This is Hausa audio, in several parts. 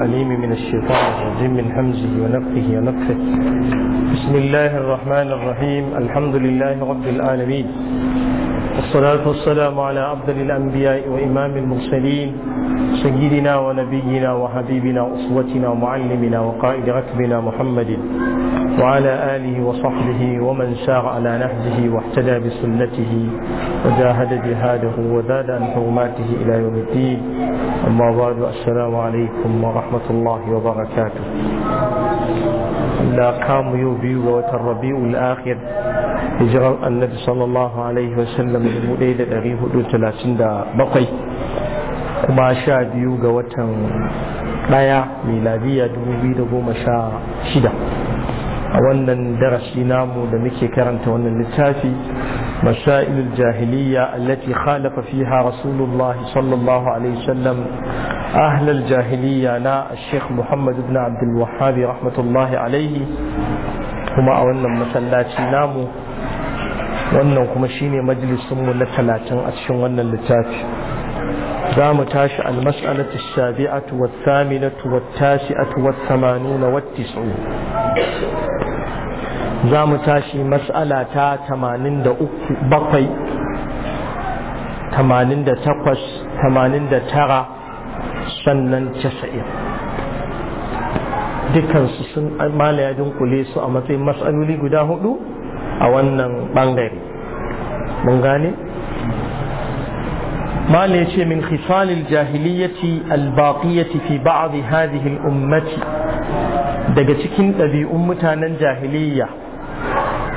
الأليم من الشيطان الرجيم من همزه ونفه ونفه بسم الله الرحمن الرحيم الحمد لله رب العالمين والصلاة والسلام على أفضل الأنبياء وإمام المرسلين سيدنا ونبينا وحبيبنا وأسوتنا ومعلمنا وقائد ركبنا محمد وعلى آله وصحبه ومن سار على نهجه واحتدى بسنته وجاهد جهاده وزاد عن حرماته إلى يوم الدين أما بعد السلام عليكم ورحمة الله وبركاته لا قام يوبي وتربيع الآخر hijirar annabi sallallahu alaihi wasallam dubu ɗaya da ɗari hudu talatin da bakwai kuma sha biyu ga watan ɗaya miladiya dubu biyu da goma sha shida a wannan darasi namu da muke karanta wannan littafi مسائل الجاهلية التي خالف فيها رسول الله صلى الله عليه وسلم أهل الجاهلية نا الشيخ محمد بن عبد الوهاب رحمة الله عليه هما أولنا مسلاتي نامو wannan kuma shine majalisunmu na talatin a cikin wannan littafi za mu tashi almas'alatu sabi'atu wath-thaminatu wath-tasi'atu wath-thamanuna wath-tis'un za mu tashi mas'ala ta 83 bakwai 88 89 sannan 90 dukansu sun mala ya dunkule su a matsayin mas'aloli guda hudu a wannan bangare mun gane ya ce من خصال الجاهلية الباقية في بعض هذه ummati daga cikin ɗabi'un mutanen jahiliya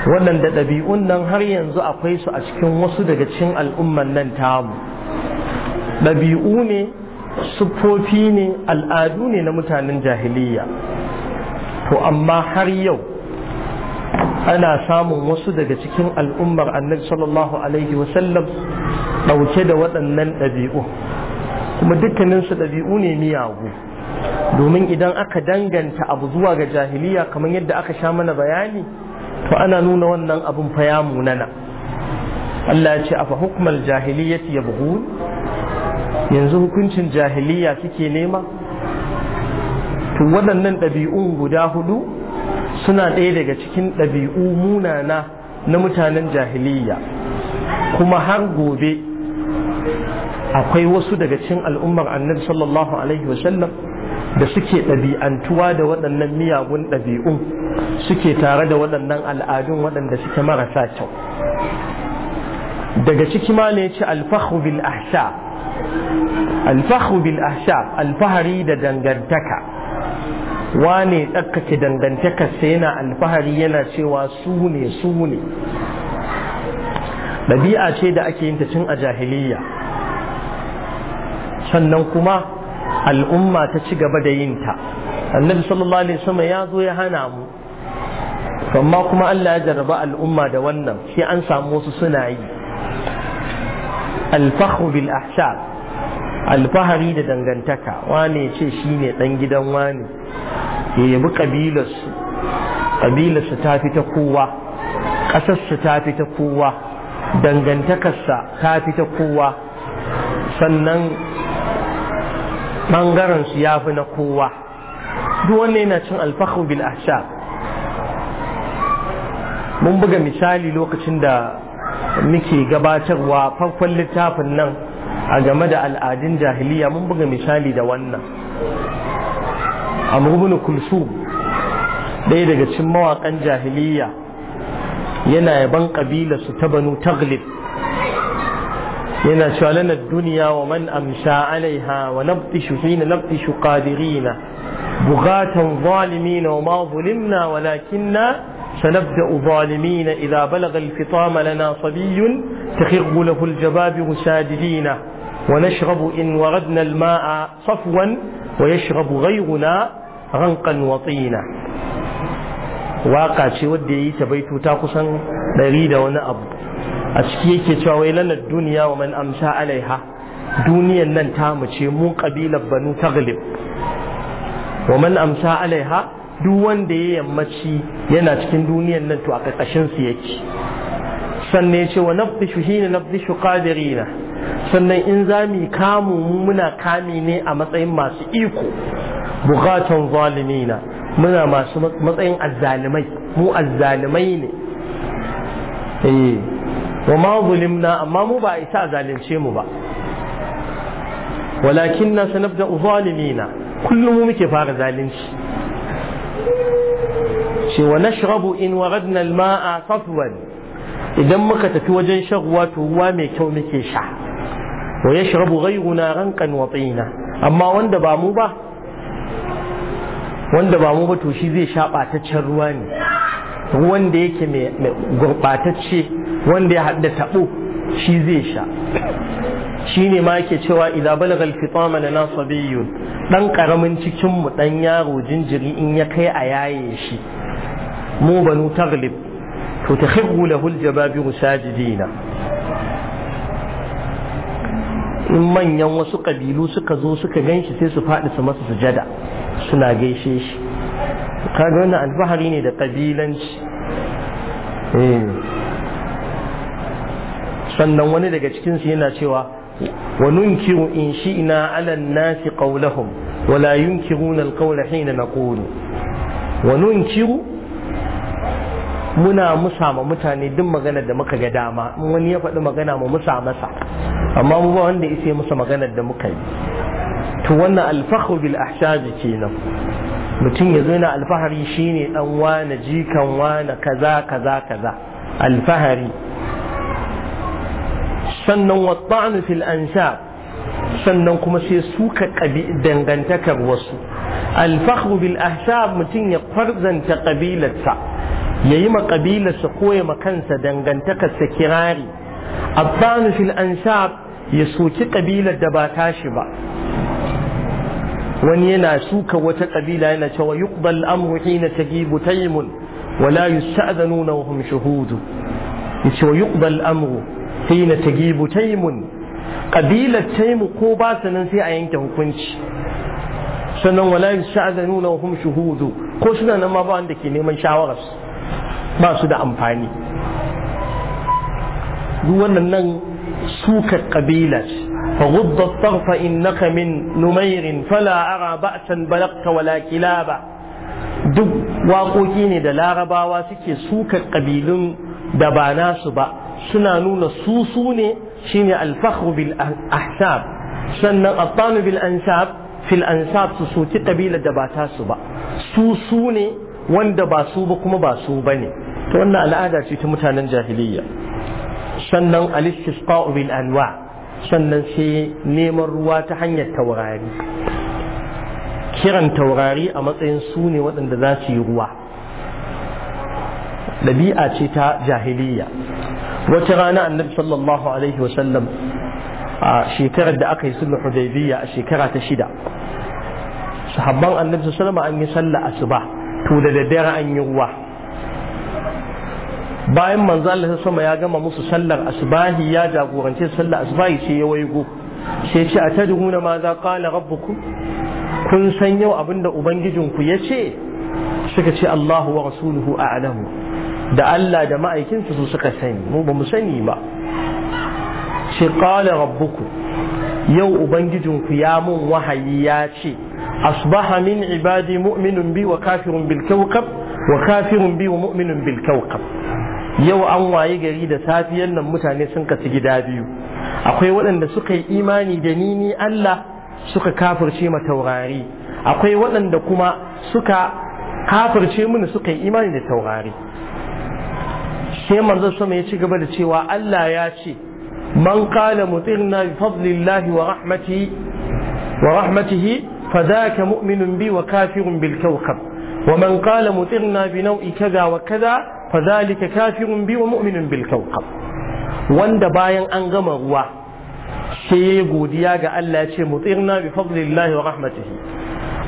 waɗanda ɗabi'un nan har yanzu akwai su a cikin wasu daga cikin al'umman nan tamu ɗabi'u ne siffofi ne al'adu ne na mutanen jahiliya to amma har yau ana samun wasu daga cikin al'ummar annabi sallallahu alaihi wasallam ɗauke da waɗannan ɗabi'u kuma dukkaninsu ɗabi'u ne miyagu domin idan aka danganta abu zuwa ga jahiliya kamar yadda aka sha mana bayani to ana nuna wannan abun fa ya munana Allah ya ce afa hukmal jahiliyyati yabghun yanzu hukuncin jahiliya suke nema to waɗannan ɗabi'un guda hudu suna ɗaya daga cikin ɗabi'u munana na mutanen jahiliya kuma har gobe akwai wasu daga cikin al'ummar annabi sallallahu alaihi wasallam da suke ɗabi'antuwa da waɗannan miyagun ɗabi'un suke tare da waɗannan al'adun waɗanda suke marasa kyau daga ciki ma ne ci alfahu bil alfahu bil ahsha alfahari da dangantaka wane dangantaka sai yana alfahari yana cewa su ne su ne ɗabi'a ce da ake yin ta tun a jahiliya sannan kuma al'umma ta ci gaba da yin ta annabi sallallahu alaihi wasallam ya zo ya hana mu amma kuma Allah ya jarraba al'umma da wannan sai an samu wasu suna yi alfahru bil ahsab alfahari da dangantaka wane ce shine dan gidan wane ya yabi ƙabilarsu kabilarsu ta fi ta kowa ƙasarsu ta fi ta kowa dangantakarsa ta fi ta kowa sannan ɓangarensu ya fi na kowa duk wanne yana cin alfahu bil asha mun buga misali lokacin da muke gabatarwa farkon littafin nan a game da al'adun jahiliya mun buga misali da wannan amru bin kulsum ɗaya daga cikin mawakan jahiliya yana yaban kabila su ta banu taglib yana cewa lana duniya wa man amsha alaiha wa nabtishu hina nabtishu qadirina bughatan zalimina wa ma zulimna walakinna سنبدأ ظالمين إذا بلغ الفطام لنا صبي تخر له الجبابر ساجدين ونشرب إن وردنا الماء صفوا ويشرب غيرنا غنقا وطينا واقع شي ودي تبيتو تاقصا بريد ونأب أشكيك تويلنا الدنيا ومن أمسى عليها دنيا نن تامشي مو قبيلة بنو تغلب ومن أمسى عليها duk wanda ya yammaci yana cikin duniyan nan to a ƙarƙashin su yake sannan ya ce wa nafdishu hina nafdishu qadirina sannan in za mu kamu muna kame ne a matsayin masu iko bukatan zalimina muna masu matsayin azzalimai mu azzalimai ne eh wa ma zulimna amma mu ba isa zalunce mu ba walakin na sanabda zalimina kullum mu muke fara zalunci ce wa nashrabu in waradna al-ma'a safwan idan muka tafi wajen shan ruwa to ruwa mai kyau muke sha wa yashrabu ghayruna ranqan wa tina amma wanda ba mu ba wanda ba mu ba to shi zai sha ɓataccen ruwa ne ruwan da yake mai gurɓatacce wanda ya hadda tabo shi zai sha shine ma yake cewa idza balagha al-fitama lana sabiyun dan karamin cikin mu dan yaro jinjiri in ya kai a yaye shi mu banu taglib to tahibbu lahu al sajidina in manyan wasu ƙabilu suka zo suka gan shi sai su faɗi su masa sujada suna gaishe shi kaga wannan alfahari ne da ƙabilanci eh. sannan wani daga cikinsu yana cewa wa nunkiru in shi'na ala nasi qawlahum wa la yunkiruna al-qawla hina naqulu wa nunkiru muna musa ma mutane duk magana da muka ga dama wani ya faɗi magana mu musa masa amma mu ba wanda ya musa maganar da muka yi to wannan alfahu bil ahshabi kenan mutum ya zo na alfahari shine dan wane jikan wane kaza kaza kaza alfahari sannan watta'nu fil ansab sannan kuma sai suka dangantakar wasu alfahu bil ahsab mutum ya farzanta kabilarsa ya yi makabilarsa ko ya makansa dangantakarsa kirari abbanu fil ansab ya soki kabilar da ba tashi ba wani yana suka wata kabila yana cewa yuqbal amru hina tajibu taymun wala yusta'dhanuna wa hum shuhudu yace wa yuqbal amru hina tajibu taymun kabilar taymu ko ba sanan sai a yanke hukunci sannan wala yusta'dhanuna wa hum shuhudu ko suna nan ma ba wanda ke neman shawararsu ba su da amfani duk wannan nan suka kabila ce فغض الطرف إنك من نمير فلا أرى بأسا بلغت ولا كلابا duk waƙoƙi ne da larabawa suke suka ƙabilun da ba nasu ba suna nuna su su ne shine alfahru bil ahsab sannan attanu bil ansab fil ansab su soki ƙabilar da ba tasu ba su su ne wanda ba su ba kuma ba su ba ne. Ta wannan al'ada ce ta mutanen jahiliya sannan al-istisqa bil anwa sannan sai neman ruwa ta hanyar taurari kiran taurari a matsayin su ne waɗanda za su yi ruwa ɗabi'a ce ta jahiliya wata rana annabi sallallahu alaihi wasallam a shekarar da aka yi sulhu hudaybiyya a shekara ta shida sahabban annabi sallallahu an yi sallah asuba to da daddare an yi ruwa bayan manzo Allah sama ya gama musu sallar asbahi ya jagorance sallar asbahi sai ya waigo sai ce a tadhuna ma za qala rabbukum kun san yau abinda ubangijinku ya ce suka ce Allahu wa rasuluhu a'lamu da Allah da ma'aikinsa su suka sani mu ba mu sani ba sai qala rabbukum yau ubangijinku ya mun wahayi ya ce أصبح من عبادي مؤمن بي وكافر بالكوكب وكافر بي ومؤمن بالكوكب yau an waye gari da safiyar nan mutane sun kasu gida biyu akwai waɗanda suka yi imani da ni ni Allah suka kafirce ma taurari akwai waɗanda kuma suka kafirce mini suka yi imani da taurari sai manzo sama ya ci gaba da cewa Allah ya ce man mu mutirna bi fadlillahi wa rahmatihi فذاك مؤمن بي وكافر بالكوكب ومن قال مطرنا بنوع كذا وكذا فذلك كافر بي ومؤمن بالكوكب wanda bayan an gama ruwa sai godiya ga Allah ya ce mutirna bi fadlillahi wa rahmatihi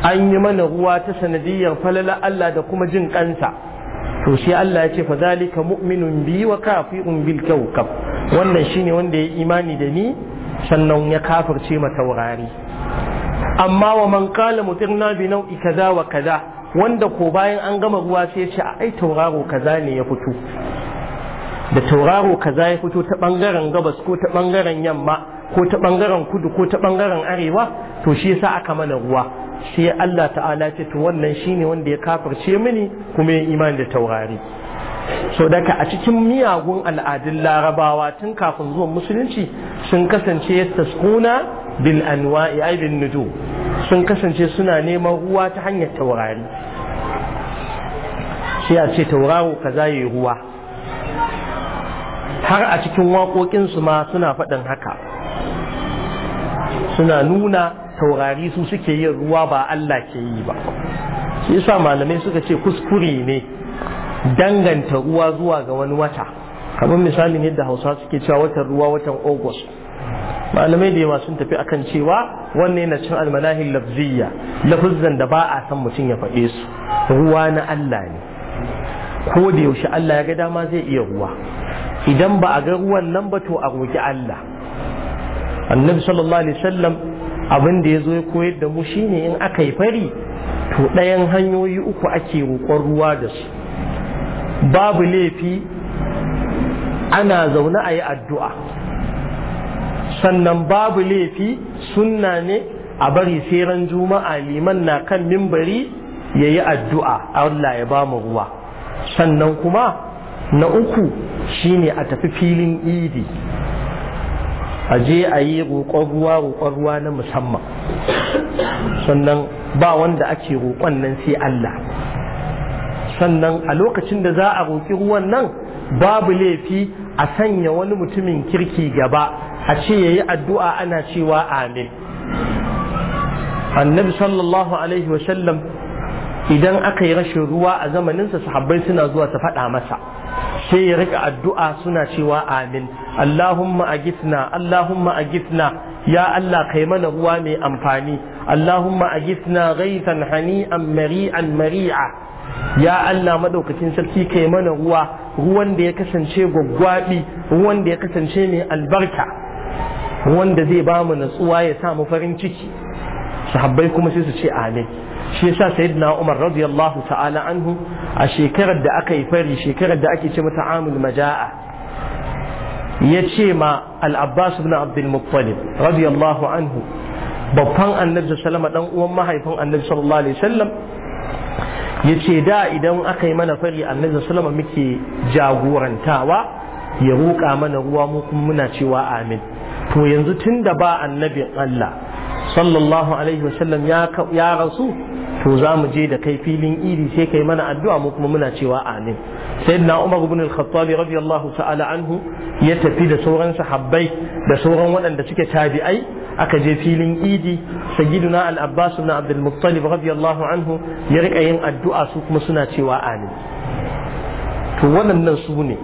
an yi mana ruwa ta sanadiyar falala Allah da kuma jin kansa to sai Allah ya ce fa mu'minun bi wa kafirun bil kawkab wannan shine wanda ya imani da ni sannan ya kafirce ma taurari amma wa man qala mutirna bi nau'i kaza wa kaza wanda ko bayan an gama ruwa sai ya ce ai tauraro kaza ne ya fito da tauraro kaza ya fito ta bangaren gabas ko ta bangaren yamma ko ta bangaren kudu ko ta bangaren arewa to shi yasa aka mana ruwa sai Allah ta'ala ce to wannan shine wanda ya kafirce mini kuma ya imani da taurari Sau daga a cikin miyagun al'adun larabawa tun kafin zuwan musulunci sun kasance yastasquna bil anwa'i ay bin nujum sun kasance suna neman ruwa ta hanyar taurari sai a ce tauraro kaza yi ruwa har a cikin waƙoƙinsu ma suna faɗin haka suna nuna taurari su suke yin ruwa ba Allah ke yi ba shi yasa malamai suka ce kuskure ne danganta ruwa zuwa ga wani wata kamar misalin yadda hausa suke cewa watan ruwa watan august malamai da yawa sun tafi akan cewa wannan yana cin almanahi lafziya lafuzzan da ba a san mutum ya faɗe su ruwa na Allah ne ko da yaushe Allah ya ga dama zai iya ruwa idan ba a ga ruwan nan ba to a roki Allah annabi sallallahu alaihi wasallam abin da ya zo ya koyar da mu shine in aka yi fari to ɗayan hanyoyi uku ake roƙon ruwa da su babu laifi ana zaune a yi addu'a sannan babu laifi sunna ne a bari sai ran juma'a liman na kan mimbari yayi addu'a Allah ya ba mu ruwa sannan kuma na uku shine a tafi filin idi a je a yi roƙon ruwa roƙon ruwa na musamman sannan ba wanda ake roƙon nan sai Allah sannan a lokacin da za a roƙi ruwan nan babu laifi a sanya wani mutumin kirki gaba a ce yayi addu'a ana cewa amin annabi sallallahu alaihi wa sallam idan aka yi rashin ruwa a zamaninsa sahabbai suna zuwa ta faɗa masa sai ya rika addu'a suna cewa amin allahumma agithna allahumma agithna ya allah kai mana ruwa mai amfani allahumma agithna ghaithan hani'an mari'an mari'a ya allah madaukakin sarki kai mana ruwa ruwan da ya kasance gwaggwabi ruwan da ya kasance mai albarka wanda zai ba mu natsuwa ya sa mu farin ciki sahabbai kuma sai su ce amin shi yasa sayyidina Umar radiyallahu ta'ala anhu a shekarar da aka yi fari shekarar da ake ce mata amul majaa ya ce ma al-Abbas ibn Abdul Muttalib radiyallahu anhu babban annabi sallama dan uwan mahaifin annabi sallallahu alaihi wasallam ya ce da idan aka yi mana fari annabi sallama muke jagorantawa ya ruka mana ruwa mu kuma muna cewa amin to yanzu tun da ba annabin Allah sallallahu alaihi wasallam ya rasu to za mu je da kai filin idi sai kai mana addu'a mu kuma muna cewa amin sayyidina Umar ibn al-Khattab radiyallahu ta'ala anhu ya tafi da sauran sahabbai da sauran waɗanda suke tabi'ai aka je filin idi sayyiduna al-Abbas ibn Abdul Muttalib radiyallahu anhu ya rika yin addu'a su kuma suna cewa amin to waɗannan su ne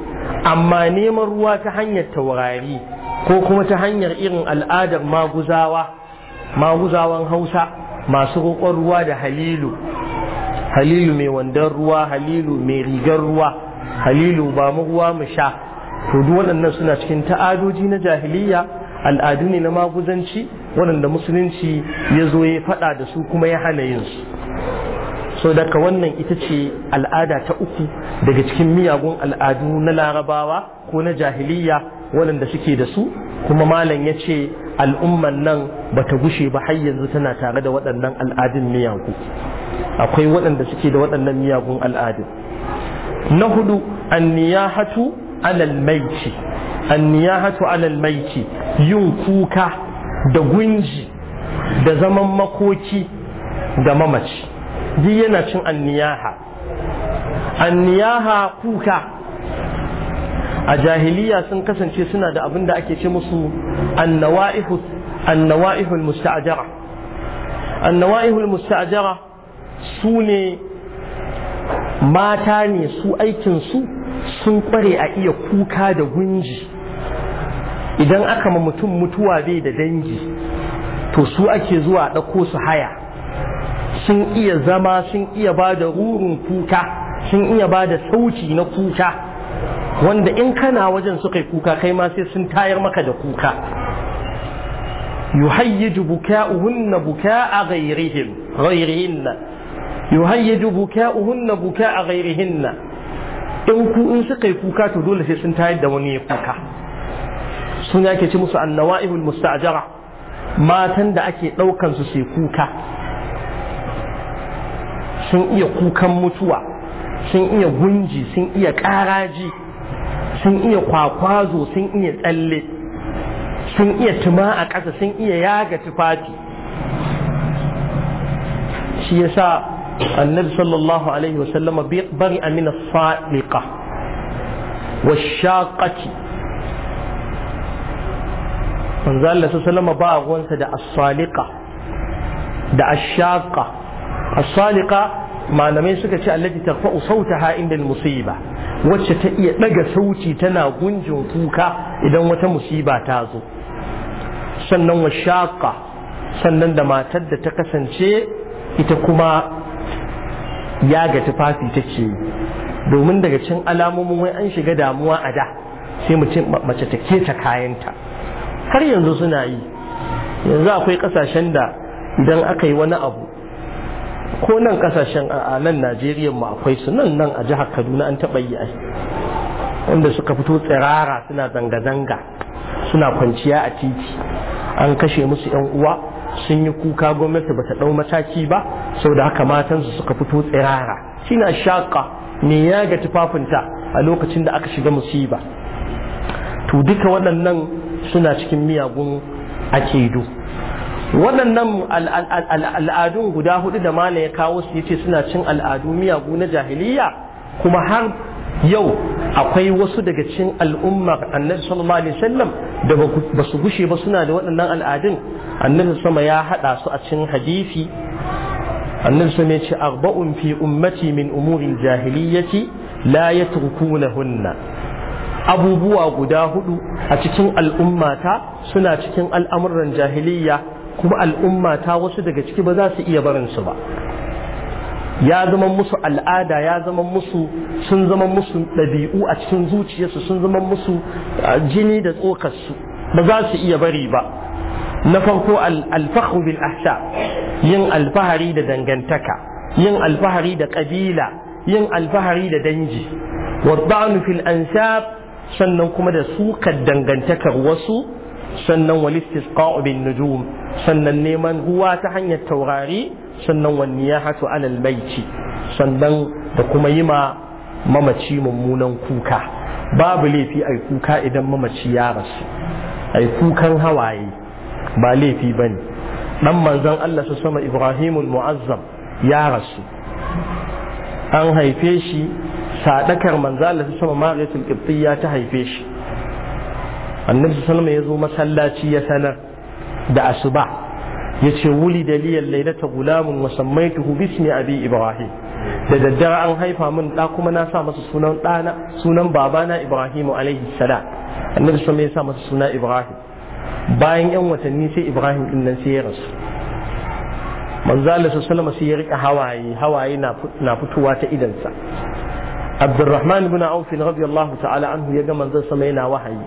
amma neman ruwa ta hanyar taurari ko kuma ta hanyar irin al'adar maguzawa maguzawan hausa masu roƙon ruwa da halilu halilu mai wandon ruwa halilu mai rigar ruwa halilu ba mu ruwa mu sha to duk waɗannan suna cikin ta'adoji na jahiliya al'adu ne na maguzanci waɗanda musulunci ya zo ya faɗa da su kuma ya hana yin su so daga wannan ita ce al'ada ta uku daga cikin miyagun al'adu na larabawa ko na jahiliya waɗanda suke da su kuma malam ya ce al'umman nan ba ta gushe ba har yanzu tana tare da waɗannan al'adun miyagu akwai waɗanda suke da waɗannan miyagun al'adun na hudu anniyahatu alal maiti anniyahatu alal maiti yin kuka da gunji da zaman makoki da mamaci duk yana cin anniyaha anniyaha kuka a jahiliya sun kasance suna da abin da ake ce musu annawa'ihul musta'ajara annawa'ihul musta'ajara su ne mata ne su aikinsu sun kware a iya kuka da gunji idan aka ma mutum mutuwa bai da dangi to su ake zuwa ɗauko su haya sun iya zama sun iya ba da rurin kuka sun iya ba da sauci na kuka wanda in kana wajen suka yi kuka kai ma sai sun tayar maka da kuka يهيج buka'uhunna buka'a ghayrihim غيرهن يهيج buka'uhunna buka'a غيرهن in ku in suka yi kuka to dole sai sun tayar da wani ya kuka sun yake ci musu annawa'ihul musta'jara matan da ake daukan su sai kuka sun iya kukan mutuwa sun iya gunji sun iya ƙaraji sun iya kwakwazo sun iya tsalle sun iya tuma a ƙasa sun iya yaga tufafi shi ya sa annabi sallallahu alaihi wasallam bari amina sadiqa wa shaqati manzo Allah sallallahu ba ruwansa da as-saliqa da ash-shaqa as-saliqa malamai suka ce allati tarfa'u sautaha inda musiba wacce ta iya daga sauti tana gunjin kuka idan wata musiba ta zo sannan wa sannan da matar da ta kasance ita kuma ya ga tufafi take domin daga cin alamomin wai an shiga damuwa a da sai mace ta ta kayanta har yanzu suna yi yanzu akwai kasashen da idan aka yi wani abu ko nan kasashen a nan Najeriya mu akwai su nan nan a jihar Kaduna an taɓa yi wanda suka fito tsirara suna zanga-zanga suna kwanciya a titi an kashe musu 'yan uwa sun yi kuka gwamnati bata ɗau mataki ba sau da haka matansu suka fito tsirara shine shaƙa me ya ga tufafinta a lokacin da aka shiga musiba to duka waɗannan suna cikin miyagun akidu waɗannan al'adun guda hudu da mana ya kawo su yace suna cin al'adu miyagu na jahiliya kuma har yau akwai wasu daga cin al'ummar annabi sallallahu alaihi wasallam da ba su gushe ba suna da waɗannan al'adun annabi sama ya haɗa su a cin hadisi annabi sama ya ce arba'un fi ummati min umurin jahiliyyati la yatrukunahunna abubuwa guda hudu a cikin al'ummata suna cikin al'amuran jahiliyya kuma al'umma ta wasu daga ciki ba za su iya barinsu ba ya zama musu al'ada ya zama musu sun zama musu ɗabi'u a cikin zuciyarsu sun zama musu jini da tsokarsu ba za su iya bari ba na farko alfahu bil ahsa yin alfahari da dangantaka yin alfahari da ƙabila yin alfahari da dangi wadda'anu fil ansab sannan kuma da sukar dangantakar wasu sannan walistisqa'u bin nujum sannan neman ruwa ta hanyar taurari sannan ya hatu alal baiti sannan da kuma yi ma mamaci mummunan kuka babu laifi a kuka idan mamaci ya rasu A kukan hawaye ba laifi ne. dan manzon Allah su sama Ibrahimul Mu'azzam ya rasu an haife shi sadakar manzo Allah su sama Mariyatul Qibtiyya ta haife shi annabi sallallahu ya zo masallaci ya sanar da asuba ya ce wuli da liyan lailata gulamun wa sammaituhu bismi abi ibrahim da daddare an haifa min da kuma na sa masa sunan sunan babana ibrahim alaihi salam annabi sallallahu ya sa masa suna ibrahim bayan yan watanni sai ibrahim din nan sai ya rasu manzo Allah sallallahu sai ya rika hawaye hawaye na fitowa ta idansa Abdurrahman ibn Auf radiyallahu ta'ala anhu ya ga manzon sama yana wahayi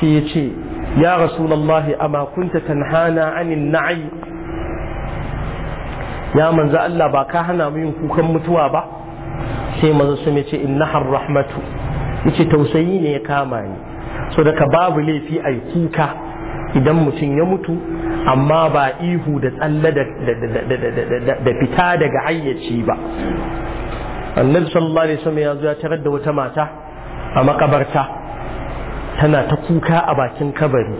shi ya ce ya rasulallahi amma kunta tanhana anin na'ai ya manzo Allah ba ka hana mu yin kukan mutuwa ba sai manzo sun ce innahar rahmatu yace tausayi ne ya kama ni so daga babu laifi ai kuka idan mutum ya mutu amma ba ihu da tsalle da fita daga hayyaci ba annabi sallallahu alaihi wasallam ya zo ya tarar da wata mata a makabarta tana ta kuka a bakin kabari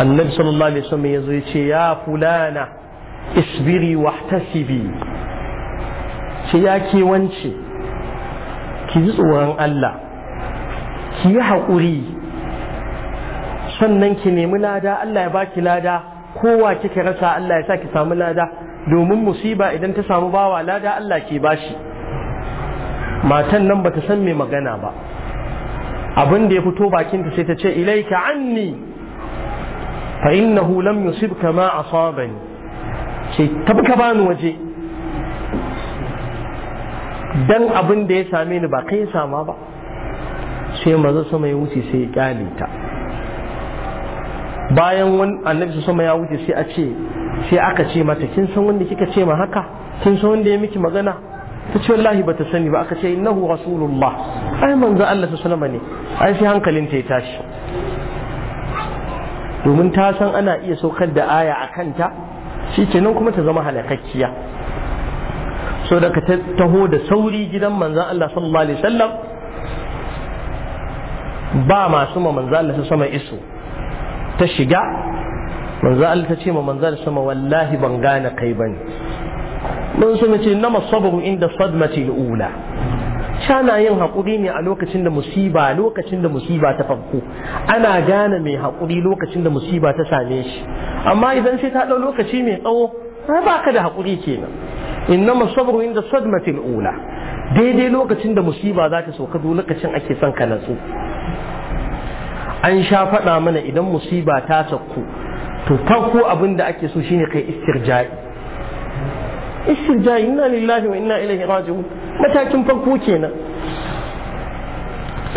annabi sallallahu alaihi wasallam ya ya ce ya fulana isbiri wahtasibi ce ya ke wance ki ji tsoron Allah ki yi haƙuri sannan ki nemi lada Allah ya baki lada kowa kika rasa Allah ya sa ki samu lada domin musiba idan ta samu bawa lada Allah ke bashi matan nan bata san mai magana ba abin da ya fito bakinta sai ta ce ilaika anni fa innahu lam yusibka ma asabani ce tabka bani waje dan abin da ya same ni ba kai sama ba sai maza sama ya wuce sai ya kyale ta bayan wani annabi sama ya wuce sai a ce sai aka ce mata kin san wanda kika ce ma haka kin san wanda ya miki magana ta ce wallahi ba ta sani ba aka ce innahu rasulullah ai manzo Allah ta sallama ne ai sai hankalin ta ya tashi domin ta san ana iya saukar da aya a kanta shi kenan kuma ta zama halakakkiya so daga ka taho da sauri gidan manzan Allah sallallahu alaihi wasallam ba masu ma manzan Allah su sama iso ta shiga manzan Allah ta ce ma manzan sama wallahi ban gane kai bane mun sun ce nama sabru inda sadmati ula shana yin haƙuri ne a lokacin da musiba lokacin da musiba ta farko ana gane mai haƙuri lokacin da musiba ta same shi amma idan sai ta ɗau lokaci mai tsawo ba ka da haƙuri kenan innama sabru inda sadmatil ula daidai lokacin da musiba za ta sauka lokacin ake son ka natsu an sha faɗa mana idan musiba ta sauko to farko abin da ake so shine kai istirja'i istirja'i inna lillahi wa inna ilaihi raji'un matakin farko kenan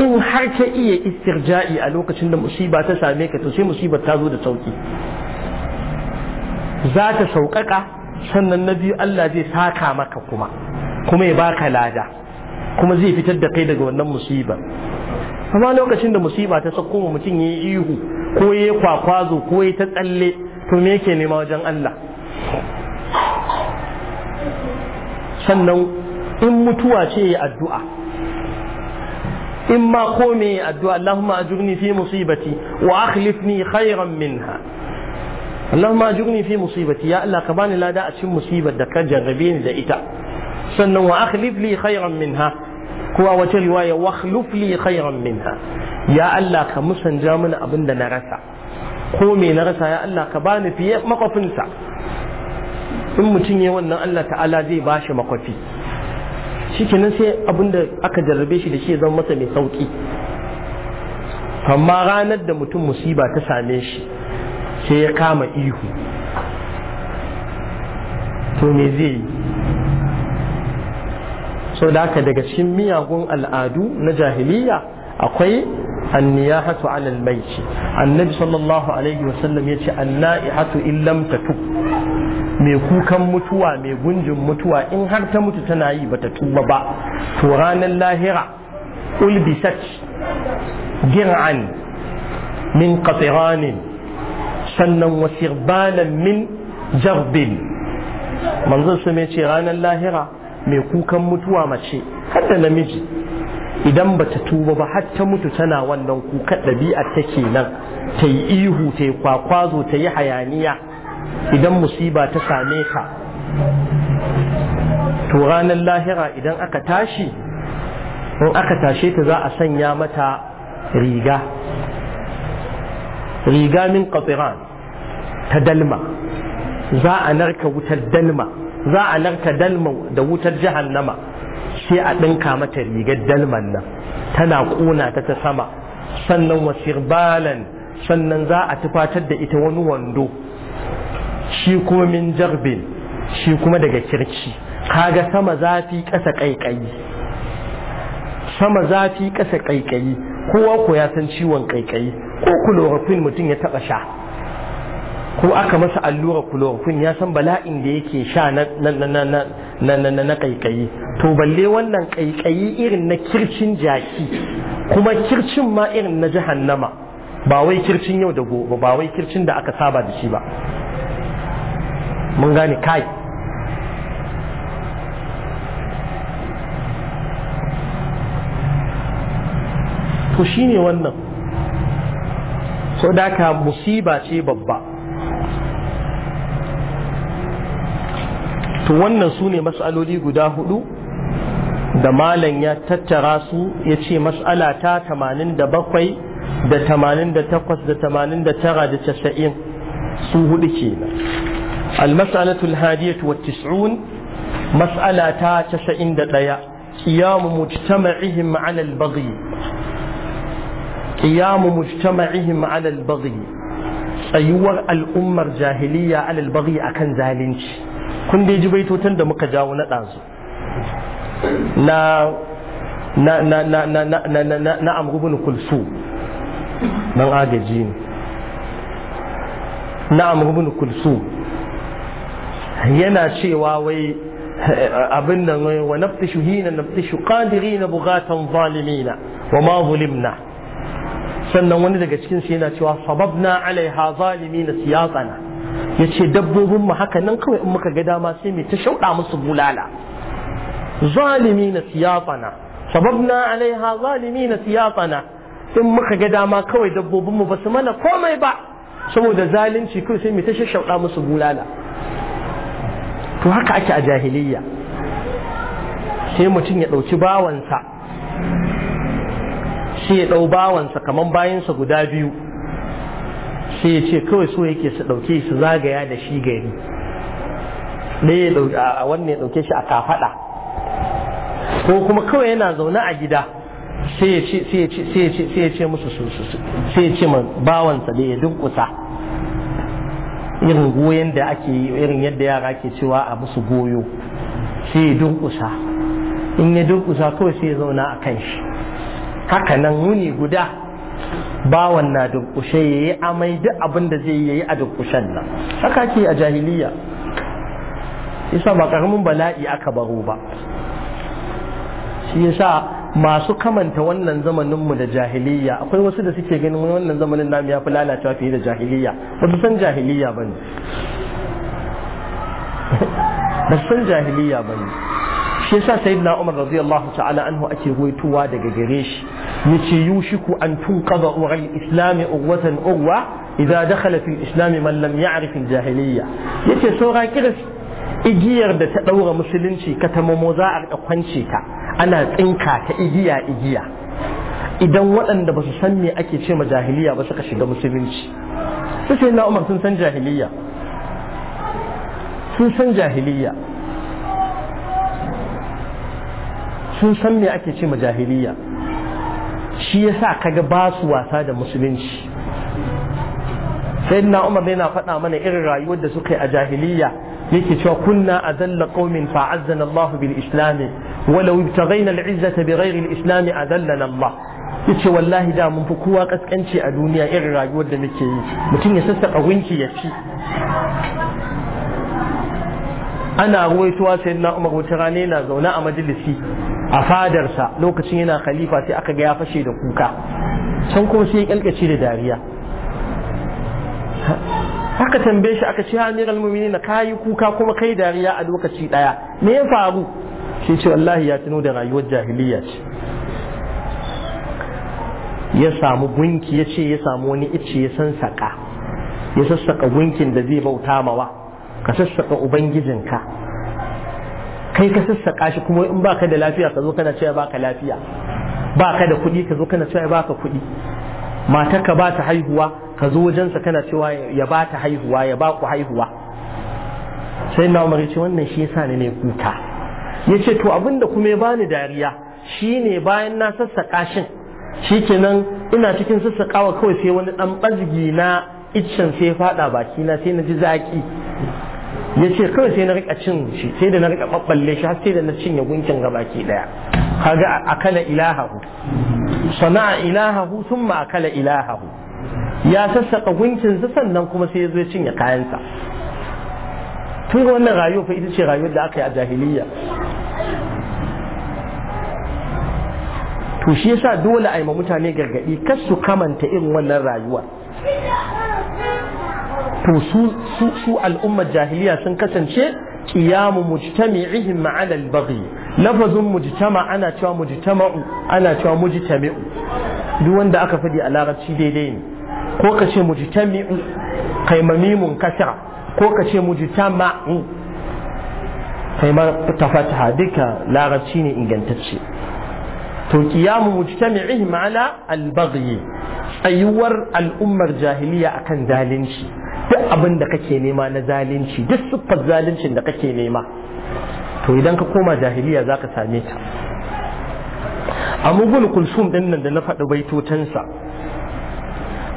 in har ka iya istirja'i a lokacin da musiba ta same ka to sai musibar ta zo da sauki za ta sauƙaƙa sannan na biyu Allah zai saka maka kuma kuma ya baka lada kuma zai fitar da kai daga wannan musibar amma lokacin da musiba ta sauko mu mutum ya yi ihu ko ya kwakwazo ko ya ta tsalle to me yake nema wajen Allah sannan in mutuwa ce ya addu'a in ma ko me addu'a Allahumma ajurni fi musibati wa akhlifni khairan minha Allahumma ajurni fi musibati ya Allah ka bani lada a cikin musibar da ka jarrabe ni da ita sannan wa akhlifli khairan minha kuwa wata riwaya wa akhlifli khairan minha ya Allah ka musanja mana abin da na rasa ko me na rasa ya Allah ka bani fiye makwafinsa in mutum ya wannan Allah ta'ala zai ba shi makwafi shi kenan sai abinda aka jarrabe shi da shi zama masa mai sauƙi amma ranar da mutum musiba ta same shi sai ya kama ihu to me zai yi sau da haka daga cikin miyagun al'adu na jahiliya akwai anniyahatu alal maiti annabi sallallahu alaihi wasallam yace annaihatu in tatub mai kukan mutuwa mai gunjin mutuwa in har ta mutu tana yi bata tuba ba to ranar lahira ulbisat gir'an min qatiranin sannan wasirbalan min jarbin manzon su mai ce ranar lahira mai kukan mutuwa mace har da namiji idan ba ta tuba ba har ta mutu tana wannan kuka ɗabi'ar ta nan. ta yi ihu ta yi kwakwazo ta yi hayaniya idan musiba ta same ka to ranar lahira idan aka tashi in aka tashe ta za a sanya mata riga riga min qatiran ta dalma za a narka wutar dalma za a narka dalma da wutar jahannama sai a ɗinka mata rigar dalman nan tana ƙuna ta ta sama sannan wasirbalan sannan za a tufatar da ita wani wando shi kuma min jarbin shi kuma daga kirci kaga sama zafi ƙasa ƙaiƙayi sama zafi ƙasa ƙaiƙayi kowa ko ya san ciwon ƙaiƙayi ko kulorofin mutum ya taɓa sha ko aka masa allura kulorofin ya san bala'in da yake sha na na na na kaikayi to balle wannan kaikayi irin na kircin jaki kuma kircin ma irin na jahannama ba wai kircin yau da gobe ba wai kircin da aka saba da shi ba mun gane kai to shine wannan so da musiba ce babba to wannan su ne mas'aloli guda hudu da malam ya tattara su ya ce mas'ala ta 87 da 88 da 89 da 90 su hudu kenan المسألة الهادية والتسعون مسألة تاسع عند قيام مجتمعهم على البغي قيام مجتمعهم على البغي tsayuwar al'ummar jahiliya alal bari akan zalunci kun dai ji baitotan da muka jawo na ɗazu na na na na na na na na na na kulsu dan agaji ne na amrubun kulsu yana cewa wai abin da wa naftishu hina naftishu qadirina bugatan zalimina wa ma zulimna sannan wani daga cikin su yana cewa sababna alaiha zalimina siyasana ya ce dabbobin haka nan kawai in muka ga dama sai mai ta shauɗa musu bulala zalimi na siyafana sababna alaiha zalimi na siyafana in muka ga dama kawai dabbobin mu ba su mana komai ba saboda zalunci kawai sai mai ta shauɗa musu bulala to haka ake a jahiliyya sai mutum ya ɗauki bawansa sai ya ɗau bawansa kamar bayansa guda biyu sai ya ce kawai so yake su ɗauke su zagaya da shi gari ɗaya a wannan ya ɗauke shi a kafaɗa ko kuma kawai yana zaune a gida sai ya ce musu su sai ya ce ma bawansa da ya dunkusa irin goyon da ake yi irin yadda yara ke cewa a musu goyo sai ya dunkusa in ya dunkusa kawai sai ya zauna a kan shi haka nan wuni guda bawan na dukkushe ya yi amai duk abin da zai yi a dukkushen nan haka ke a jahiliya isa ba karamin bala'i aka baro ba shi yasa masu kamanta wannan zamaninmu da jahiliya akwai wasu da suke ganin wannan zamanin namu ya fi lalacewa fiye da jahiliya ba su san jahiliya ba ne ba su san jahiliya ba ne shi yasa sayyidina Umar radiyallahu ta'ala anhu ake goituwa daga gare shi yace yushiku an tunqada ural islam urwatan urwa idza dakhala fil islam man lam ya'rif al jahiliyya yace saura kiris igiyar da ta daura musulunci ka mamo za a kwance ta ana tsinka ta igiya igiya idan waɗanda ba su san me ake ce ma jahiliya ba suka shiga musulunci sai na umar sun san jahiliya sun san jahiliya sun san me ake ce jahiliya shi yasa kaga ba su wasa da musulunci sayyidina umar yana faɗa mana irin rayuwar da suka yi a jahiliya yake cewa kunna azalla qaumin azzana Allah bil islam law ibtaghayna al izzata bighayri al islam azallana Allah yace wallahi da mun fi kowa kaskanci a duniya irin rayuwar da muke yi mutum ya sassaka gunki ya ci ana ruwaitowa sayyidina umar wata rana yana zaune a majalisi a fadarsa lokacin yana khalifa sai aka ga ya fashe da kuka can kuma sai ya kyalkace da dariya aka tambaye shi aka ce ya amiral na kayi kuka kuma kai dariya a lokaci daya me ya faru shi ce wallahi ya tuno da rayuwar jahiliya ce ya samu gunki ya ce ya samu wani ice ya san saka ya sassaka gunkin da zai bauta mawa ka sassaka ubangijinka kai ka sassaƙa shi kuma in baka da lafiya ka zo kana cewa baka lafiya baka da kuɗi ka zo kana cewa baka kuɗi Mata ka ba ta haihuwa ka zo wajensa kana cewa ya ba ta haihuwa ya ba ku haihuwa sai na umar ce wannan shi yasa ne kuka ya ce to abinda kuma ya bani dariya shine bayan na sassaƙa shin shikenan ina cikin sassaƙawa kawai sai wani ɗan bazgi na iccen sai ya fada baki na sai na ji zaki ya ce kawai sai na rika cin shi sai da na rika ɓaɓɓalle shi har sai da na cinye gunkin ke ɗaya kaga akala ilahahu sana'a ilahahu thumma akala ilahahu ya sassaka gunkin sa sannan kuma sai ya zo ya cinye kayansa tun wannan rayuwa fa ita ce rayuwar da aka yi a jahiliya to shi yasa dole a yi ma mutane gargaɗi kar su kamanta irin wannan rayuwa to su al'ummar jahiliya sun kasance qiyamu mujtami'ihim ma'ala al-baghi lafazun mujtama ana cewa mujtama'u ana cewa mujtami'u duk wanda aka fadi a larabci daidai ne ko ka ce mujtami'u kai mamimun kasra ko ka ce mujtama'u kai ma ta fataha duka larabci ne ingantacce to qiyamu mujtami'ihim ala al-baghi tsayuwar al'ummar jahiliya akan zalunci duk abin da kake nema na zalunci duk siffar zaluncin da kake nema to idan ka koma jahiliya za ka same ta a mugun kulsum ɗin nan da na faɗi baitotansa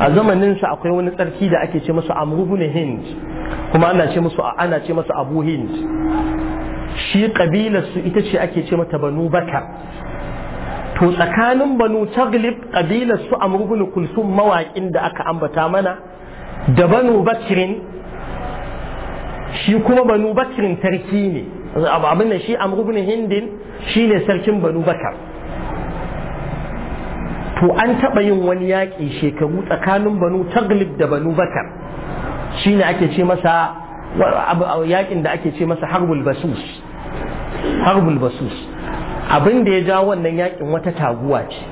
a zamaninsa akwai wani tsarki da ake ce masu amrubu hind kuma ana ce masu abu hind shi su ita ce ake ce mata banu bakar to tsakanin banu taglib su amrubu kulsum mawaƙin da aka ambata mana da banu bakirin shi kuma banu bakirin sarki ne abin da shi a bin hindin shi ne sarkin banu bakar to an taɓa yin wani yaƙi shekaru tsakanin banu taglib da banu bakar shi ne ake ce masa yaƙin da ake ce masa harbul basus harbul basus abin da ya ja wannan yaƙin wata taguwa ce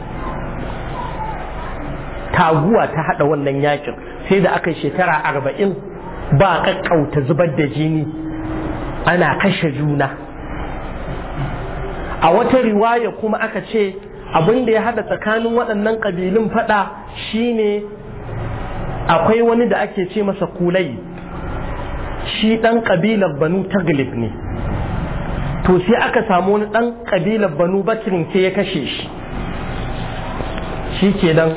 taguwa ta haɗa wannan yaƙin sai da aka shekara arba'in ba kakkauta zubar da jini ana kashe juna a wata riwaya kuma aka ce abin ya hada tsakanin waɗannan ƙabilun faɗa shine akwai wani da ake ce masa kulai shi ɗan ƙabilar banu taglib ne to sai aka samu wani ɗan ƙabilar banu batirin sai ya kashe shi shi kenan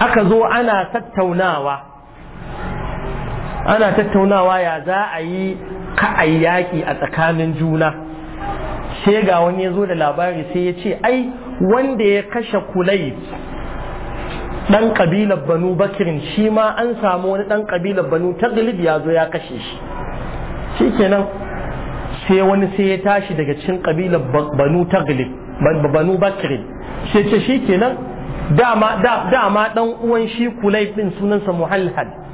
aka zo ana tattaunawa ana tattaunawa ya za a yi ka'ai yaƙi a tsakanin juna sai ga wani ya zo da labari sai ya ce ai wanda ya kashe kulai ɗan ƙabilar banu bakirin shi ma an samu wani ɗan ƙabilar banu taglib ya zo ya kashe shi shi kenan sai wani sai ya tashi daga cikin ƙabilar banu taglib banu bakirin sai ce shi kenan dama ɗan uwan shi kulai ɗin sunansa muhallad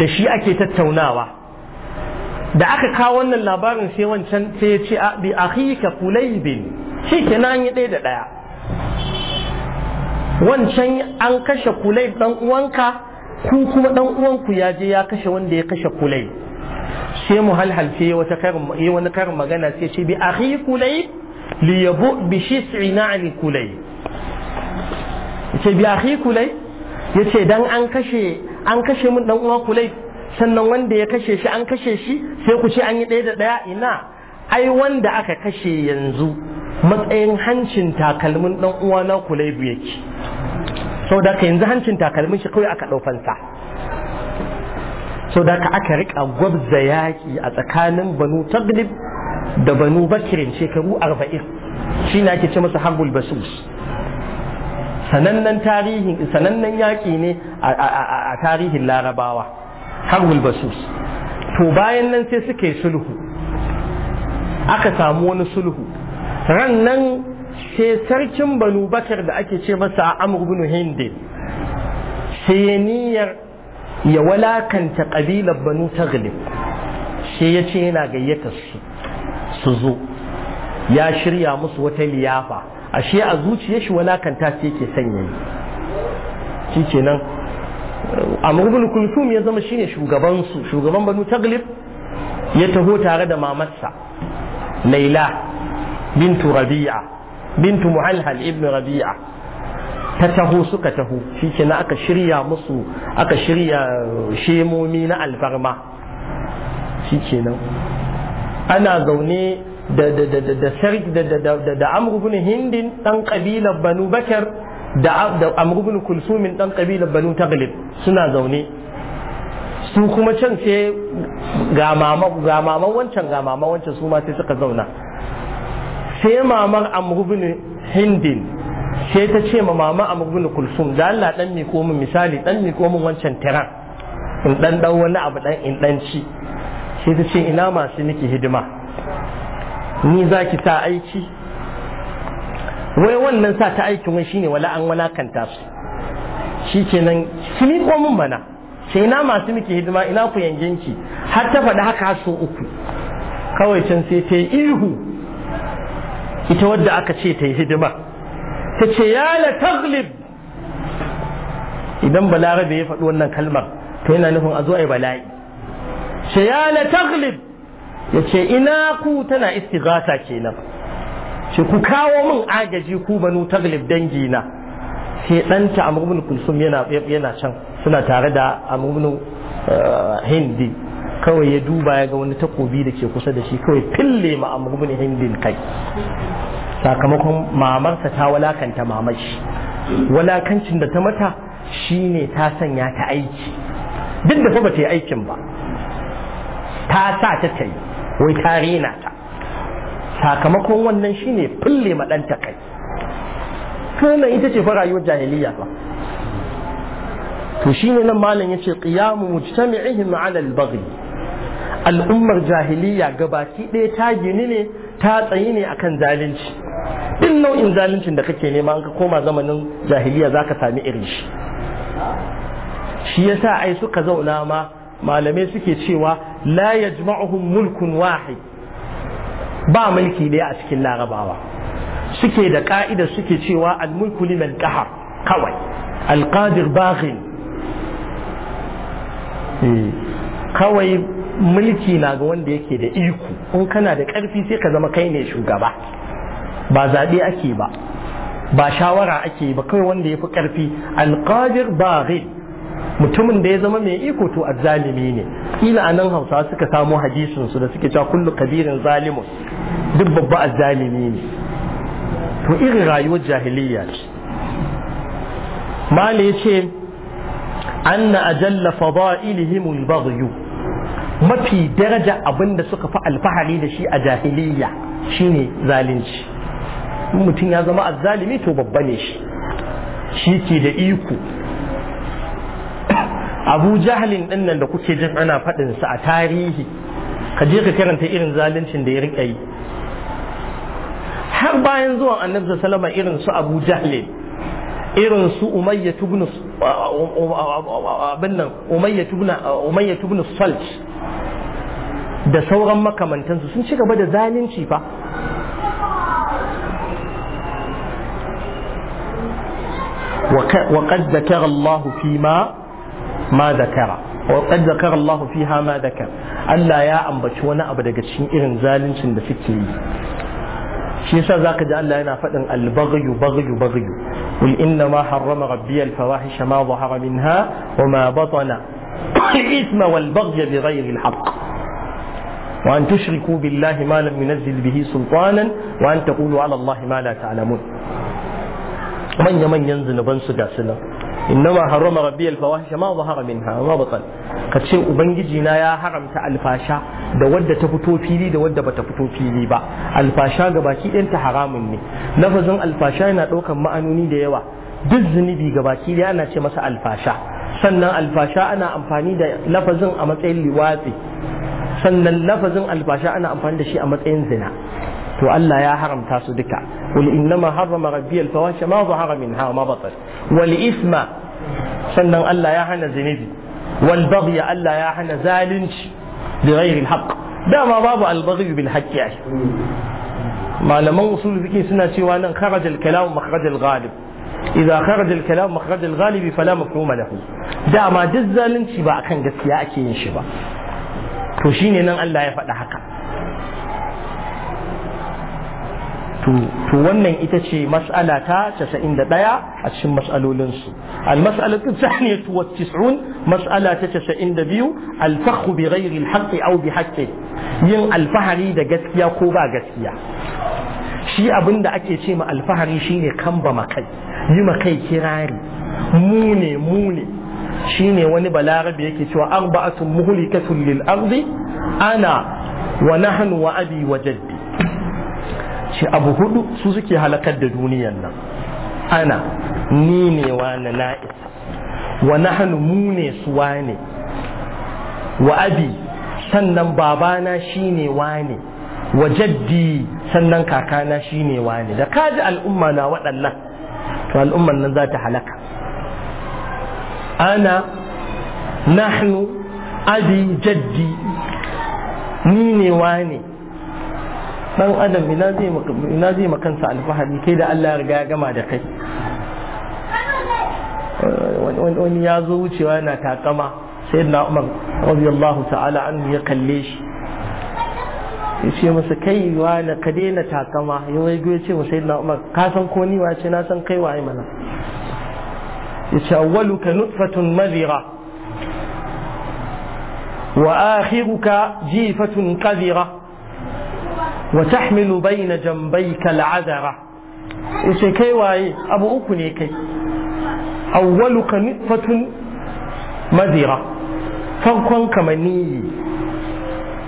da shi ake tattaunawa da aka kawo wannan labarin sai wancan sai ya ce bi akhika kulaybin shi kenan yi ɗaya da ɗaya wancan an kashe kulai dan uwanka ku kuma dan uwanku ya je ya kashe wanda ya kashe kulai sai mu halhalce wata karin wani karin magana sai ce bi akhi kulayb li yabu bi shis'i na'li kulayb ce bi akhi kulayb yace dan an kashe an kashe min dan uwa kulai sannan wanda ya kashe shi an kashe shi sai ku ce an yi ɗaya da ɗaya ina ai wanda aka kashe yanzu matsayin hancin takalmin dan uwa na kulai bu yake saboda ka yanzu hancin takalmin shi kawai aka sa, saboda ka aka riƙa gwabza yaƙi a tsakanin banu taglib da banu bakirin shekaru arba'in shi ne ake ce masa harbul basus sanannen tarihin sanannen yaƙi ne a tarihin larabawa harbul basus to bayan nan sai suka yi sulhu aka samu wani sulhu ran nan sai sarkin banu bakar da ake ce masa amur bin hindi sai niyyar ya walakanta ƙabilar banu taglib sai ya ce yana gayyata su su zo ya shirya musu wata liyafa ashe a zuciyar shi walakanta ce yake sanya yi shi kenan amr kulsum ya zama shine shugaban su shugaban banu taglib ya taho tare da mamarsa laila bintu rabi'a bintu muhalhal ibn rabi'a ta taho suka taho shi aka shirya musu aka shirya uh, shemomi na alfarma shi nan ana zaune da da da da da hindin dan kabilar banu bakar da da kulsumin dan kabilar banu taglib suna zaune su kuma can sai ga mama wancan ga mama wancan su ma sai suka zauna sai mamar amru hindin sai ta ce ma mama amru kulsum da Allah dan miko min misali dan miko min wancan tiran in dan dan wani abu dan in dan ci sai ta ce ina masu niki hidima ni za ki sa aiki wai wannan sa ta aikin wai shine wala an walakanta su shi kenan ki miƙo mun bana. sai na masu miki hidima ina ku yangenki har ta faɗi haka so uku kawai can sai ta ihu ita wadda aka ce ta yi hidima ta ce ya la taglib idan balarabe ya faɗi wannan kalmar to yana nufin a zo a yi bala'i ce ya la taglib ya ce ina ku tana istighatha kenan ce ku kawo min agaji ku banu taglib dangi na sai ɗanta ta ibn kulsum yana yana can suna tare da amr eh, hindi kawai ya duba ya ga wani takobi da ke kusa da shi kawai fille ma amr kai sakamakon mamarsa ta walakanta mamashi walakancin da ta mata shine ta sanya ta aiki duk da fa ba ta yi aikin ba ta sa ta ta yi wai ta rena ta sakamakon wannan shine fulle ma ɗanta kai kana ita ce fa rayuwar jahiliya ba to shi ne nan malam yace qiyamu mujtami'ihim 'ala al al'ummar jahiliya gabaki ɗaya ta gini ne ta tsayi ne akan zalunci duk nau'in zaluncin da kake nema an ka koma zamanin jahiliya za ka sami irin shi shi yasa ai suka zauna ma malamai suke cewa la yajma'uhum mulkun wahid ba mulki daya a cikin larabawa suke da ka'ida suke cewa al-mulku liman qahar kawai al-qadir baghil eh, kawai mulki na ga wanda yake da iko in kana da karfi sai ka zama kai ne shugaba ba zaɓe ake ba ba shawara ake ba kawai wanda ya fi ƙarfi alƙadir baghil mutumin da ya zama mai iko to azzalimi ne kila anan hausa suka samo hadisin su da suke cewa kullu kabirin zalimun duk babba azzalimi ne to irin rayuwar jahiliya ce mali yace anna ajalla fadailihim albaghyu mafi daraja abinda suka fi alfahari da shi a jahiliya shine zalunci mutum ya zama azzalimi to babba ne shi shi ke da iko abu jahalin ɗin nan da kuke jin ana faɗin sa a tarihi ka je ka karanta irin zaluncin da ya riƙa yi har bayan zuwan annabi Salama irin su abu jahalin irin su umayya tubnu salt da sauran makamantansu sun ci gaba da zalunci fa وقد ذكر الله فيما ما ذكر وقد ذكر الله فيها ما ذكر ألا يا أنبتش وانا أبدا قتشين إرن زالن شند سكي شيء ذاك جاء الله أنا فتن البغي بغي بغي قل إنما حرم ربي الفواحش ما ظهر منها وما بطن الإثم والبغي بغير الحق وأن تشركوا بالله ما لم ينزل به سلطانا وأن تقولوا على الله ما لا تعلمون من يمن ينزل بنسجا سلام Inna harrama rabbi alfawahisha ma zahara minha ma batal ka ce ubangiji na ya haramta alfasha da wadda ta fito fili da wadda bata fito fili ba alfasha gabaki ɗin ta haramun ne lafazin alfasha yana ɗaukar ma'anoni da yawa duk zunubi gabaki ɗaya ce masa alfasha sannan alfasha ana amfani da lafazin a matsayin liwatsi sannan lafazin alfasha ana amfani da shi a matsayin zina to Allah ya haramta su duka wal innama harrama rabbiyal fawahisha ma zahara minha wa ma batal wal isma sannan Allah ya hana zinubi wal baghy Allah ya hana zalunci bi ghairi al haqq dama babu al baghy bil haqqi ai malaman usul fiqh suna cewa nan kharaja al kalam makhraj al ghalib idza kharaja al kalam makhraj al ghalib fala mafhuma lahu dama duk zalunci ba akan gaskiya ake yin shi ba to shine nan Allah ya faɗa haka to wannan ita ce mas'ala ta 91 a cikin mas'alolin su al-mas'alatu thaniyatu wa tis'un mas'ala ta 92 al-fakhu bi ghairi al-haqqi aw bi haqqi yin alfahari da gaskiya ko ba gaskiya shi abin da ake ce ma alfahari shine kamba makai yi makai kirari mu ne mu ne shine wani balarabe yake cewa arba'atun muhlikatun lil ardi ana wa nahnu wa abi wa jaddi ce abu hudu su suke halakar da duniyan nan ana ni ne na na'is wa nahnu mu ne su wane wa abi sannan babana shine wane wa jaddi sannan kakana shine wane da kaji al'umma na waɗannan to al'umman nan za ta halaka ana nahnu abi jaddi ni ne wane dan adam ina zai ina makansa alfahari kai da Allah ya riga ya gama da kai wani ya zo wucewa yana takama sai na umar radiyallahu ta'ala an ya kalle shi ya ce masa kai wa na ka daina takama ya wai ya ce masa na umar ka san ko ni wace na san kai waye mana ya ce awwaluka nutfatun madira wa akhiruka jifatun qadira wa tahmilu bayna jambayka al'adara yace kai waye abu uku ne kai awwaluka nutfatun mazira farkon ka maniyi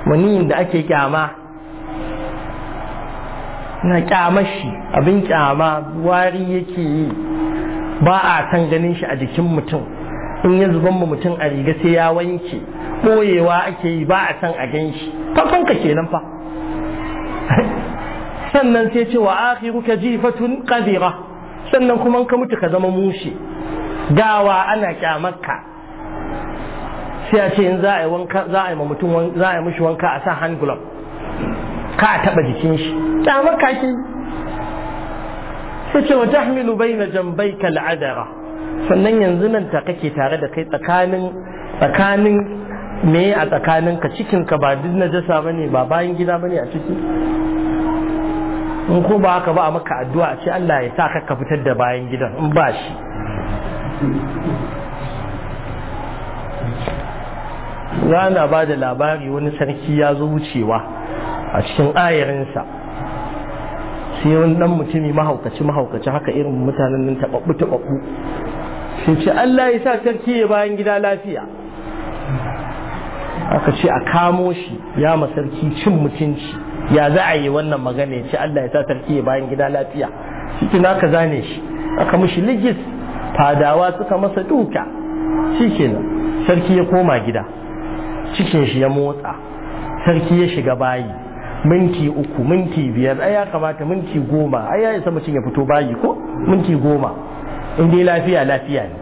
maniyin da ake kyama na kyamashi abin kyama wari yake yi ba a san ganin shi a jikin mutum in ya zuban ma mutum a riga sai ya wanke ɓoyewa ake yi ba a san a gan shi farkon kenan fa sannan sai ce wa ka jifatun qadira sannan kuma ka mutu ka zama mushi gawa ana kyamarka sai a ce in za a yi wanka za a yi ma mutum za a yi mishi wanka a sa hand glove ka a taba jikin shi kyamarka shi sai ce wa tahmilu bayna jambayka al'adara sannan yanzu nan ta kake tare da kai tsakanin tsakanin me a tsakaninka cikinka ba duk najasa bane ba bayan gida bane a ciki in ko ba haka ba a maka addu'a ce Allah ya sa ka fitar da bayan gidan in ba shi na ba da labari wani sarki ya zo wucewa a cikin ayarinsa sai wani dan mutumi mahaukaci mahaukaci haka irin mutanen nan taɓaɓɓu taɓaɓɓu sai ce Allah ya sa sarki ya bayan gida lafiya aka ce a kamo shi ya masarki cin mutunci ya za a yi wannan magana ya ce Allah ya sa sarki ya bayan gida lafiya shi na ka zane shi aka mushi ligis fadawa suka masa duka shi sarki ya koma gida cikin shi ya motsa sarki ya shiga bayi minti uku minti biyar ai ya kamata minti goma ai ya isa mutum ya fito bayi ko minti goma in dai lafiya lafiya ne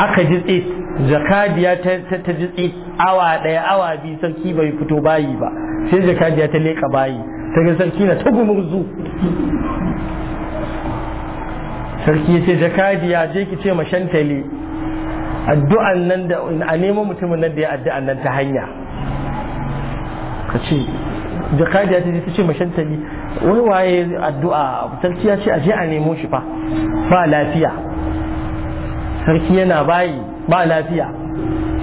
aka ji tsit jakadiya ta ji tsit awa ɗaya awa biyu sarki bai fito bayi ba sai jakadiya ta leƙa bayi ta ga sarki na ta gumurzu sarki sai jakadiya je ki ce mashantale addu'an nan da a neman mutumin nan da ya addu'an nan ta hanya ka ce jakadiya ta je ta ce mashantale wani waye addu'a sarki ya ce a je a nemo shi fa ba lafiya sarki yana bayi ba lafiya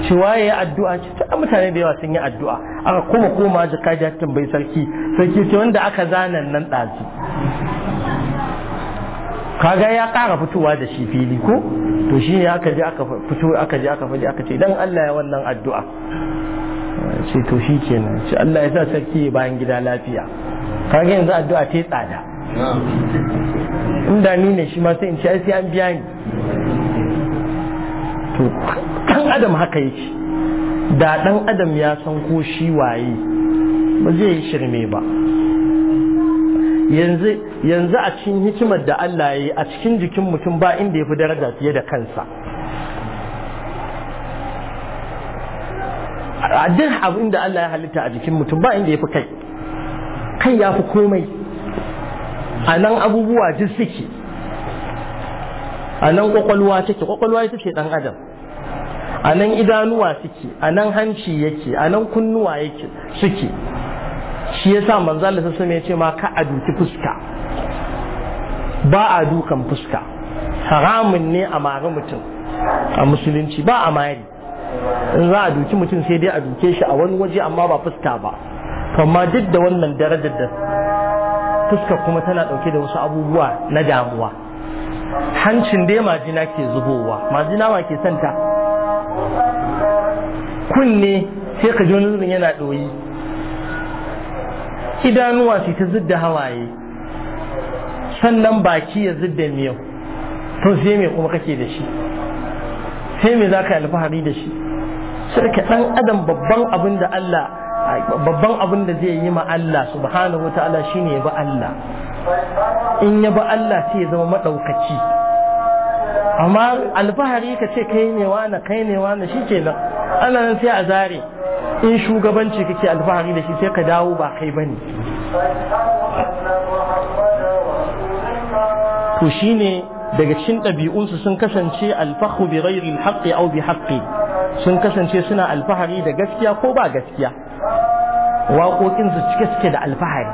shi waye addu'a ce ta mutane da yawa sun yi addu'a aka kuma koma jaka da tambayi sarki sarki ce wanda aka zanan nan ɗazu kaga ya ƙara fitowa da shi fili ko to shi ne aka je aka fito aka je aka fadi aka ce dan Allah ya wannan addu'a ce to shi kenan ce Allah ya sa sarki bayan gida lafiya kaga yanzu addu'a ta tsada inda ni ne shi ma sai in ci ai sai an biya ni to ɗan adam haka yake da ɗan adam ya san ko shi waye ba zai yi shirme ba yanzu a cikin hikimar da Allah ya yi a cikin jikin mutum ba inda ya fi daraja fiye da kansa a duk abin da Allah ya halitta a jikin mutum ba inda ya fi kai kai ya fi komai a nan abubuwa duk suke a nan kwakwalwa take kwakwalwa ita ce dan adam a nan idanuwa suke a nan hanci yake a nan kunnuwa yake suke shi yasa manzo Allah sallallahu ya ce ma ka a fuska ba a dukan fuska haramun ne a mari mutum a musulunci ba a mari in za a duki mutum sai dai a duke shi a wani waje amma ba fuska ba amma duk da wannan darajar da fuska kuma tana dauke da wasu abubuwa na damuwa hancin dai majina ke zubowa majina ma ke santa kunne sai ka ji yana ɗoyi idanuwa sai ta zidda hawaye sannan baki ya zidda miyau to sai me kuma kake da shi sai me za ka yi alfahari da shi shirka ɗan adam babban abin da Allah babban abin da zai yi ma Allah subhanahu wa ta'ala shine ya bi Allah in ya bi Allah sai ya zama maɗaukaci amma alfahari ka ce kai ne na kai ne na shi ke nan ana nan sai a zare in shugabanci kake alfahari da shi sai ka dawo ba kai bane to shine daga cikin ɗabi'unsu sun kasance alfahu bi ghairi alhaqi aw bi haqqi sun kasance suna alfahari da gaskiya ko ba gaskiya waƙoƙinsu cike suke da alfahari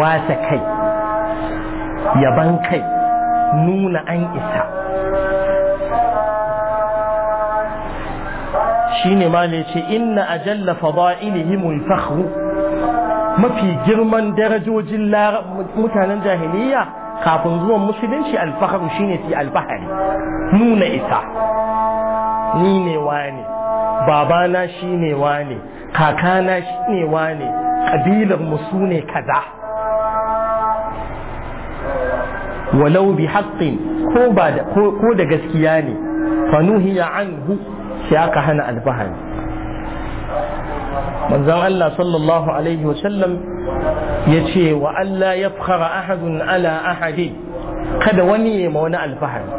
wasa kai yaban kai nuna an isa shine ma ne ce inna ajalla fada'ilihim al-fakhr mafi girman darajojin mutanen jahiliya kafin zuwan musulunci al shine fi al-fahari nuna isa ni ne wane, babana shine wane, kakana shine wane, kabilar mu sune kaza walau bi haqqin ko da gaskiya ne fa nuhiya anhu sai aka hana alfahari manzon Allah sallallahu alaihi wasallam ya ce wa Allah ya fara ahadun ala ahadi kada wani ya ma wani alfahari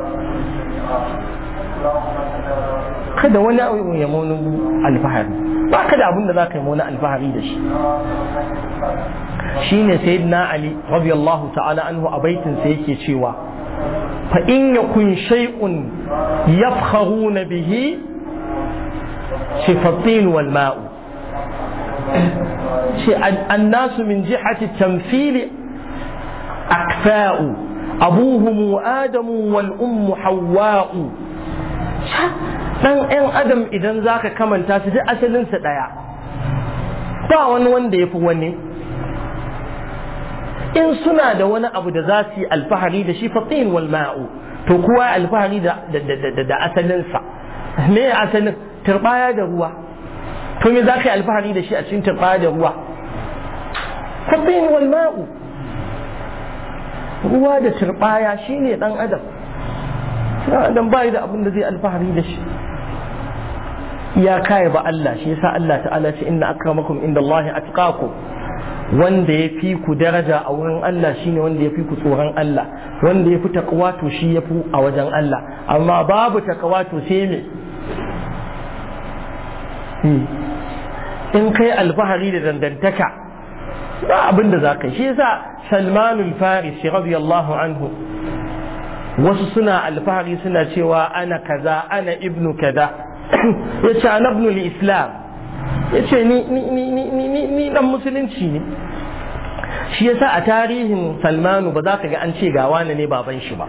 kada wani ya alfahari ba kada abin da za wani alfahari da shi shine sayyidina ali radiyallahu ta'ala anhu a baitin sa yake cewa fa in yakun shay'un yafkharuna bihi sifatin wal ma'u shi annasu min jihati tamthili akfa'u abuhum adamu wal ummu dan ɗan adam idan zaka kamanta su duk asalin su ba wani wanda yafi wani in suna da wani abu da za su yi alfahari da shi fatin wal ma'u to kuwa alfahari da asalinsa me asalin turbaya da ruwa to me za ka yi alfahari da shi a cikin turbaya da ruwa fatin wal ma'u ruwa da turbaya shine dan adam dan adam bai da abin da zai alfahari da shi ya kai ba Allah shi yasa Allah ta'ala ce inna akramakum indallahi atqakum wanda ya fi ku daraja a wurin Allah shine wanda ya fi ku tsoron Allah wanda ya fi takawa to shi ya fi a wajen Allah amma babu takawa to sai me hmm. in kai alfahari da dangantaka ba abin da za ka yi shi yasa salmanul farisi radiyallahu anhu wasu suna alfahari suna cewa ana kaza ana ibnu kaza yace ana ibnul islam ya ce ni dan musulunci ne shi yasa a tarihin salmanu ba za ka ga an ce ga wani ne baban shi ba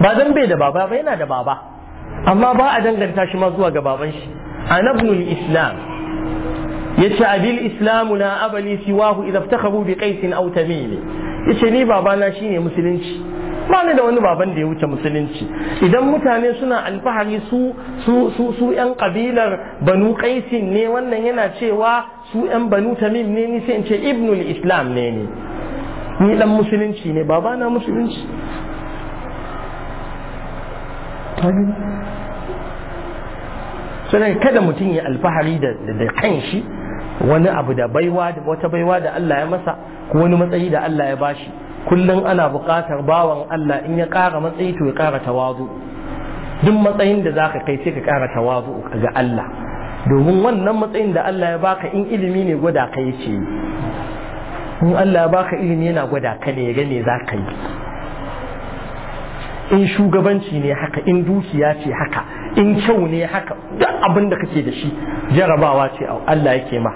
ba dan bai da baba ba yana da baba amma ba a danganta shi ma zuwa ga baban shi A Nabnul islam yace abil islamu na abali siwahu idza iftakhabu bi qais aw tamim yace ni babana shine musulunci ba ni da wani baban da ya wuce musulunci idan mutane suna alfahari su su su su yan kabilar banu qaisin ne wannan yana cewa su yan banu tamim ne ni sai in ce ibnul islam ne ni ni dan musulunci ne baba na musulunci sai kada mutum ya alfahari da kanshi wani abu da baiwa wata baiwa da Allah ya masa ko wani matsayi da Allah ya bashi kullum ana buƙatar bawan Allah in ya ƙara matsayi to ya ƙara tawazu duk matsayin da zaka kai sai ka ƙara tawazu ga Allah domin wannan matsayin da Allah ya baka in ilimi ne gwada ka ce in Allah ya baka ilimi yana gwada ka ne ya ga me zaka yi in shugabanci ne haka in dukiya ce haka in kyau ne haka duk abin da kake da shi jarabawa ce Allah yake ma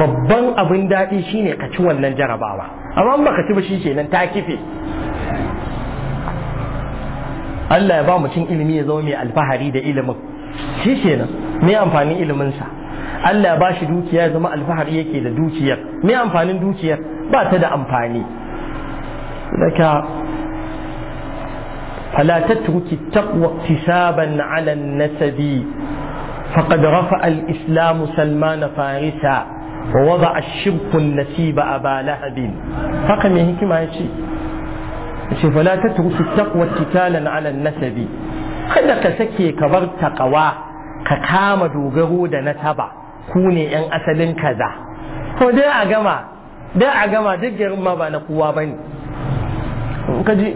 babban abin daɗi shine ka ci wannan jarabawa amma baka ci ba shi kenan ta kife Allah ya ba mutum ilimi ya zama mai alfahari da ilimin shi kenan me amfanin iliminsa Allah ya ba shi dukiya ya zama alfahari yake da dukiyar me amfanin dukiyar ba ta da amfani daga فلا تترك التقوى اكتسابا على النسب فقد رفع الإسلام سلمان فارسا wa wada ashibkun nasiba ba lahabin haka mai hikima ya ce ce fala tatruku taqwa ala nasabi kada ka sake ka bar kawa ka kama dogaro da taba ku ne yan asalin kaza ko dai a gama dai a gama duk garin ma ba na kowa ba ne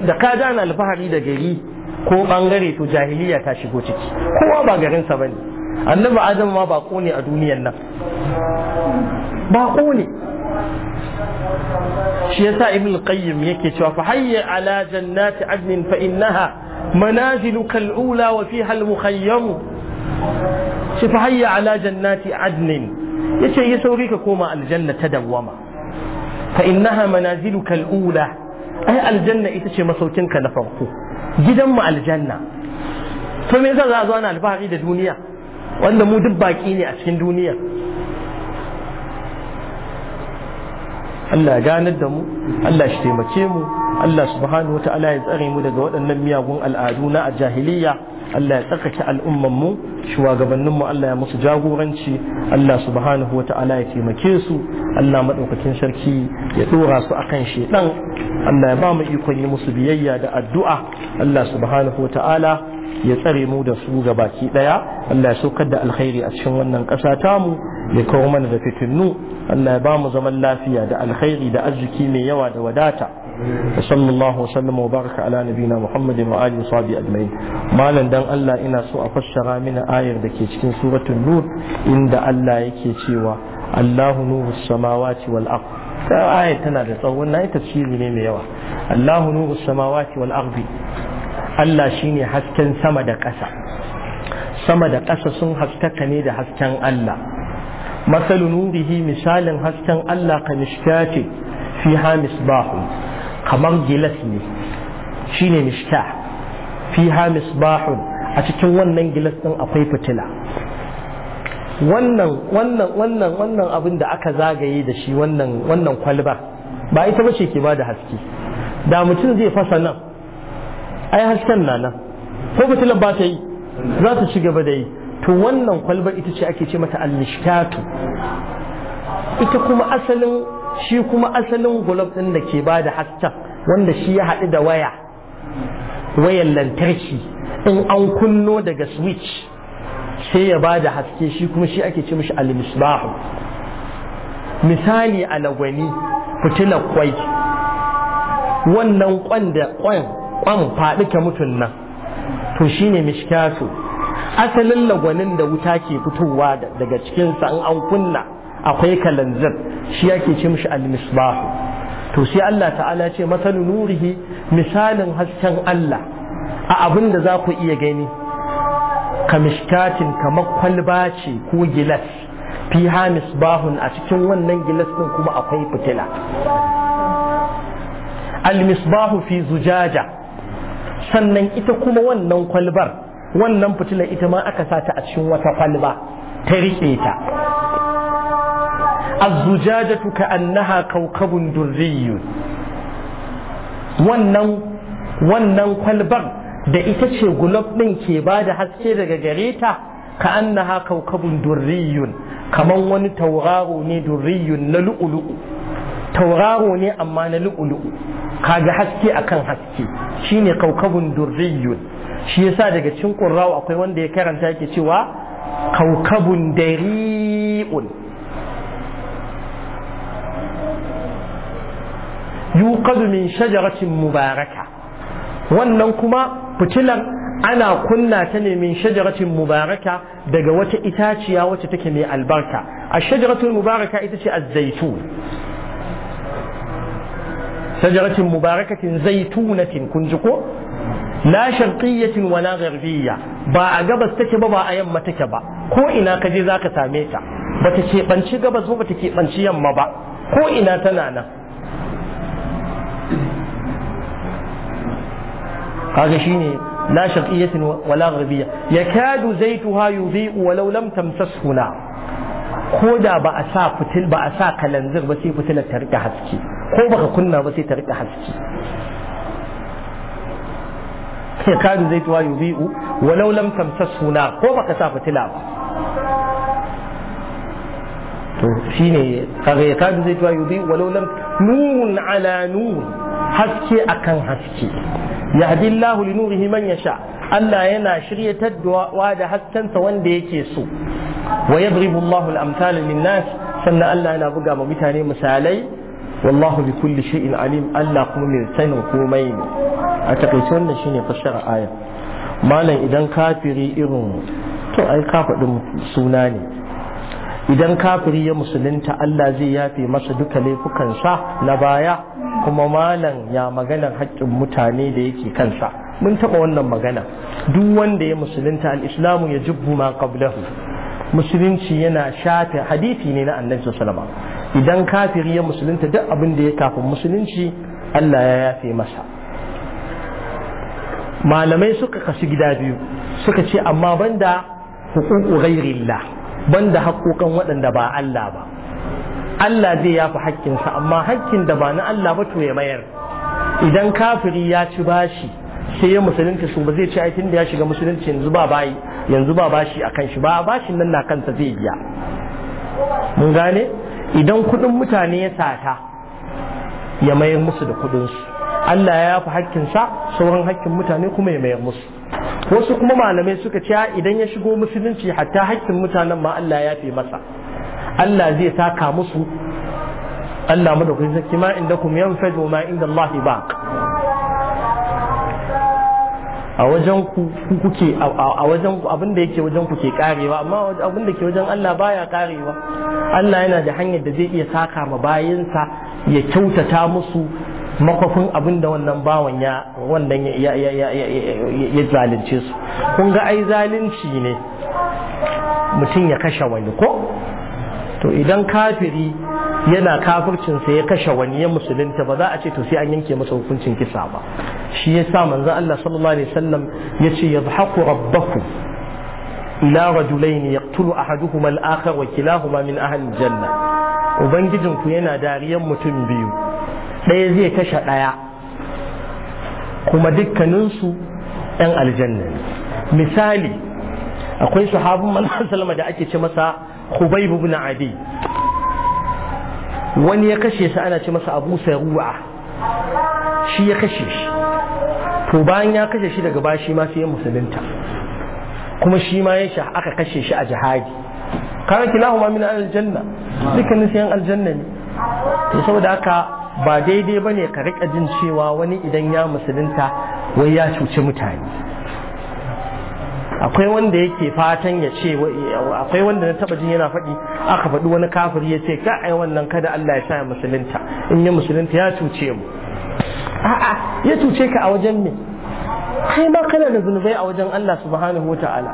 da ka na alfahari da gari ko bangare to jahiliya ta shigo ciki kowa ba garinsa ne. annabi adam ma bako ne a duniyan nan bako ne shi yasa ibn qayyim yake cewa fa hayya ala jannati adnin fa innaha manaziluka al-ula wa fiha al-mukhayyam shi fa hayya ala jannati adnin yace yi sauri ka koma aljanna ta dawwama fa innaha manaziluka al-ula ai aljanna ita ce masaukinka na farko gidan mu aljanna to me yasa za a zo ana alfahari da duniya wanda mu duk baki ne a cikin duniya Allah ganar da mu Allah shi taimake mu Allah subhanahu wata'ala ya tsare mu daga waɗannan miyagun al'adu na a jahiliya Allah ya tsarkake al'umman mu shugabannin mu Allah ya musu jagoranci Allah subhanahu wata'ala ya taimake su Allah madaukakin sarki ya dora su akan shedan Allah ya ba mu ikon yi musu biyayya da addu'a Allah subhanahu wata'ala ya tsare mu da su ga baki daya Allah ya saukar da alkhairi a cikin wannan ƙasa tamu ya kawo mana da fitinnu Allah ya ba mu zaman lafiya da alkhairi da arziki mai yawa da wadata baraka ala وسلم muhammad wa نبينا محمد وآله وصحبه أجمعين Allah ina so a fassara mini من da ke cikin سورة nur inda allah yake cewa الله نور السماوات والأرض آية tana da tsawon na tafsiri ne mai yawa Allahu nuru samawati wal ardi Allah shine hasken sama da ƙasa sama da ƙasa sun haskaka ne da hasken Allah masalu nurihi misalin hasken Allah ka mishkati fiha misbahu kamar gilas ne shine mishka fiha misbahun a cikin wannan gilas din akwai fitila wannan wannan wannan wannan abin da aka zagaye da shi wannan wannan kwalba ba ita bace ke ba da haske da mutum zai fasa nan ai hasken na nan ko fitilar ba ta yi za ta ci gaba da yi to wannan kwalbar ita ce ake ce mata al ita kuma asalin shi kuma asalin gulab din da ke ba da hasken wanda shi ya haɗu da waya wayan lantarki in an kunno daga switch sai ya ba da haske shi kuma shi ake ce mishi al-misbahu misali alagwani fitilar kwai wannan kwan da kwan kwan faɗi ka mutun nan to shi ne mishkatu asalin lagwanin da wuta ke fitowa daga cikinsa in an kunna akwai kalanzir shi yake ce mishi almisbahu to sai Allah ta'ala ce masalu nurihi misalin hasken Allah a abin da za ku iya gani ka mishkatin kamar kwalba ce ko gilas fi ha misbahun a cikin wannan gilas din kuma akwai fitila al-misbahu fi zujaja sannan ita kuma wannan kwalbar wannan fitilar ita ma aka sa ta a cikin wata kwalba ta riƙe ta azzujajatu ka annaha kaukabun durriyun wannan wannan kwalbar da ita ce gulob ɗin ke ba da haske daga gare ta ka annaha kaukabun durriyun kamar wani tauraro ne durriyun na lu'ulu'u tauraro ne amma na lu'ulu'u kaga haske akan haske shine kaukabun durriyun shi yasa daga cikin qurra'u akwai wanda ya karanta yake cewa kaukabun dari'un yuqadu min shajaratin mubaraka wannan kuma fitilar ana kunna ta ne min shajaratin mubaraka daga wata itaciya wacce take mai albarka a shajaracin mubaraka ita ce az-zaitun shajaratin mubarakatin zaitunatin kun ji ko la sharqiyyatin wa la gharbiyya ba a gabas take ba ba a yamma take ba ko ina ka je zaka same ta bata ke banci gabas ba bata ke banci yamma ba ko ina tana nan kaga shine la sharqiyyatin wa la gharbiyya yakadu zaituha yudhi'u walau lam tamsashu da ba a sa ba a sa kalanzir ba sai fitilar ta rike haske ko baka kunna ba sai ta rika haske ya ka zai tuwa yubi'u walau lam tamsasu suna ko baka sa fitila ba to shine kaga ya kadu zai tuwa yubi'u walau lam nurun ala nur haske akan haske yahdi Allah li nurihi man yasha Allah yana shirya shiryatar da haskensa wanda yake so wa yadribu Allahu al-amthala lin-nas sannan Allah yana buga ma mutane misalai wallahu bi kulli shay'in alim Allah kuma mai sanin komai ne a takaice wannan shine fassarar aya malam idan kafiri irin to ai ka suna ne idan kafiri ya musulunta Allah zai yafe masa duka laifukansa na baya kuma malam ya maganar haƙƙin mutane da yake kansa mun taɓa wannan magana duk wanda ya musulunta al-islamu ya jubbu ma qablahu musulunci yana shafe hadisi ne na annabi sallallahu alaihi wasallam idan kafiri ya musulunta duk abin da ya kafin musulunci Allah ya yafe masa malamai suka kasu gida biyu suka ce amma banda hukuku ghairillah banda haƙoƙan waɗanda ba Allah ba Allah zai yafi haƙƙinsa amma haƙƙin da ba na Allah ba to ya mayar idan kafiri ya ci bashi sai ya musulunta su ba zai ci aikin da ya shiga musulunci yanzu ba bayi yanzu ba bashi akan shi ba bashin nan na kansa zai biya mun gane idan kudin mutane ya sata ya mayar musu da kudinsu Allah ya yafi sa, sauran hakkin mutane kuma ya mayar musu wasu kuma malamai suka ce idan ya shigo musulunci hatta hakkin mutanen ma Allah ya fi masa Allah zai saka musu Allah madaukakin sarki ma inda kuma yanfadu ma inda Allah ba. a wajen ku kuke a wajen abin da yake wajen ku ke karewa amma abin da ke wajen Allah baya karewa Allah yana da hanyar da zai iya saka ma bayansa ya kyautata musu makwafin abin da wannan bawan ya wannan ya zalunce su kun ga ai zalunci ne mutum ya kashe wani ko to idan kafiri yana kafircinsa ya kashe wani ya musulunta ba za a ce to sai an yanke masa hukuncin kisa ba shi ya sa manzon Allah sallallahu alaihi wasallam ya ce yadhaku rabbaku ila rajulaini yaqtulu ahaduhuma al-akhar wa kilahuma min ahli janna ku yana dariyan mutum biyu ɗaya zai kashe ɗaya kuma dukkaninsu ‘yan aljanna misali akwai sahabin manzon da ake ce masa Khubayb ibn Adi wani ya kashe shi ana ce masa abu ruwa shi ya kashe shi to bayan ya kashe shi daga bashi ma sai ya musulunta kuma shi ma ya sha aka kashe shi a jihadi kana kilahu ma min aljanna dukkanin sayan aljanna ne to saboda haka ba daidai bane ka rika jin cewa wani idan ya musulunta wai ya cuci mutane akwai wanda yake fatan ya ce akwai wanda na taba jin yana faɗi aka faɗi wani kafiri ya ce ka ai wannan kada Allah ya sa ya musulunta in ya musulunta ya cuce mu a'a ya cuce ka a wajen me kai ma kana da zunubai a wajen Allah subhanahu wata'ala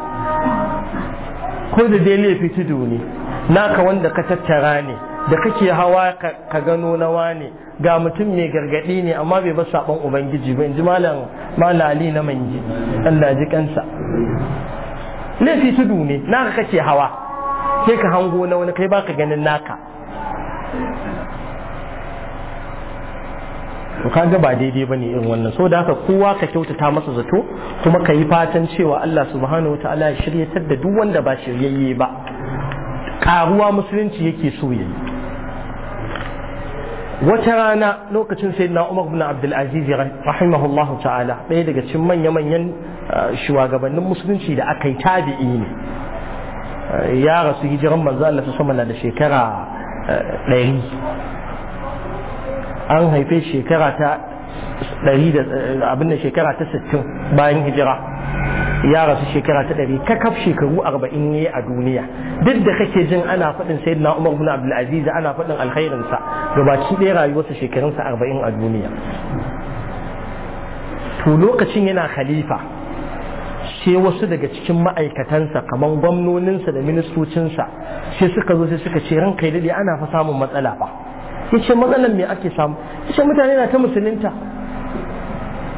ko da dai laifi tudu ne naka wanda ka tattara ne da kake hawa ka gano na wane ga mutum mai gargadi ne amma bai ba saban ubangiji ba inji malam malali na manji Allah ji kansa laifi tudu ne naka kake hawa sai ka hango na wani kai baka ganin naka to ga ba daidai bane irin wannan so da haka kowa ka kyautata masa zato kuma ka yi fatan cewa Allah subhanahu wataala ya shiryatar da duk wanda ba shiryayye ba karuwa musulunci yake so yayi wata rana lokacin sai na umar bin abdulaziz rahimahullahu ta'ala ɗaya daga cikin manya-manyan uh, shugabannin musulunci da aka yi tabi'i ne uh, ya rasu hijiran manzo Allah ta sama da shekara uh, ɗari an haife shekara ta ɗari abin da shekara ta sittin bayan hijira ya rasu shekara ta ɗari kakaf shekaru arba'in ne a duniya duk da kake jin ana faɗin sai na umar bin abdulaziz ana faɗin alkhairinsa gabaki ɗaya rayuwarsa shekarunsa arba'in a duniya to lokacin yana khalifa sai wasu daga cikin ma'aikatansa kamar gwamnoninsa da ministocinsa sai suka zo sai suka ce ran kai daɗe ana fa samun matsala ba ya ce matsalan me ake samu ya mutane na ta musulunta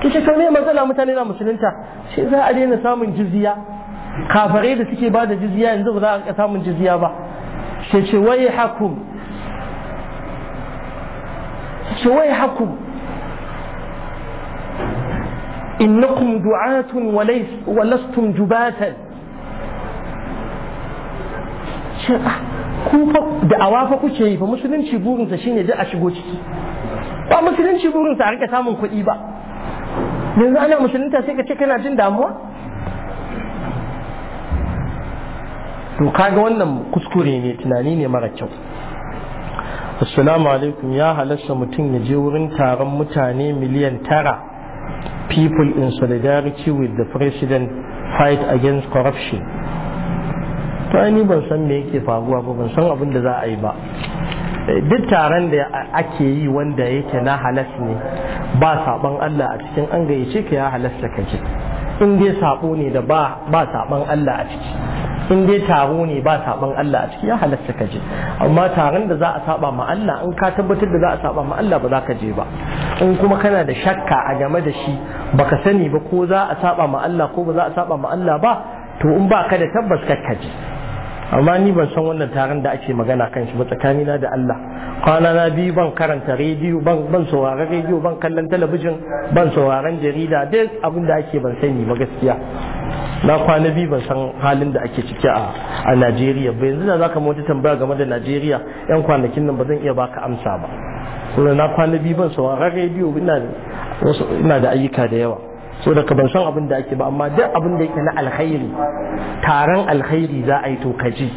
ta ce kame matsala mutane na musulunta sai za a daina samun jizya kafare da suke ba da jizya yanzu ba za a samun jizya ba sai ce wai hakum ce wai hakum innakum du'atun wa lastum jubatan ah, ku da awafa kuke yi fa musulunci burinsa shine da a shigo ciki ba musulunci burinsa a rika samun kuɗi ba yanzu ana musulunta sai ka ce kana jin damuwa to kaga wannan kuskure ne tunani ne mara kyau assalamu alaikum ya halasta mutum ya je wurin taron mutane miliyan tara people in solidarity with the president fight against corruption to ni ban san me yake faruwa ba ban san abin da za a yi ba duk taron da ake yi wanda yake na halas ne ba saɓon Allah a cikin an gayyace ka ya halasta ka je in dai saɓo ne da ba ba Allah a ciki in dai taro ne ba saɓon Allah a ciki ya halasta ka je amma taron da za a saba ma Allah in ka tabbatar da za a saba ma Allah ba za ka je ba in kuma kana da shakka a game da shi baka sani ba ko za a saba ma Allah ko ba za a saba ma Allah ba to in ba ka da tabbas ka je amma ni ban san wannan taron da ake magana kan shi ba tsakanina da Allah kwana na biyu ban karanta rediyo ban sauraron rediyo ban kallon talabijin ban sauraron jarida dai abin da ake ban sani ba gaskiya na kwana biyu ban san halin da ake ciki a Najeriya ba yanzu da zaka mota tambaya game da Najeriya yan kwanakin nan ba zan iya baka amsa ba kuma na kwana biyu ban sauraron rediyo ina da ayyuka da yawa so daga ban san abin da ake ba amma duk abin da yake na alkhairi taron alkhairi za a yi to kaji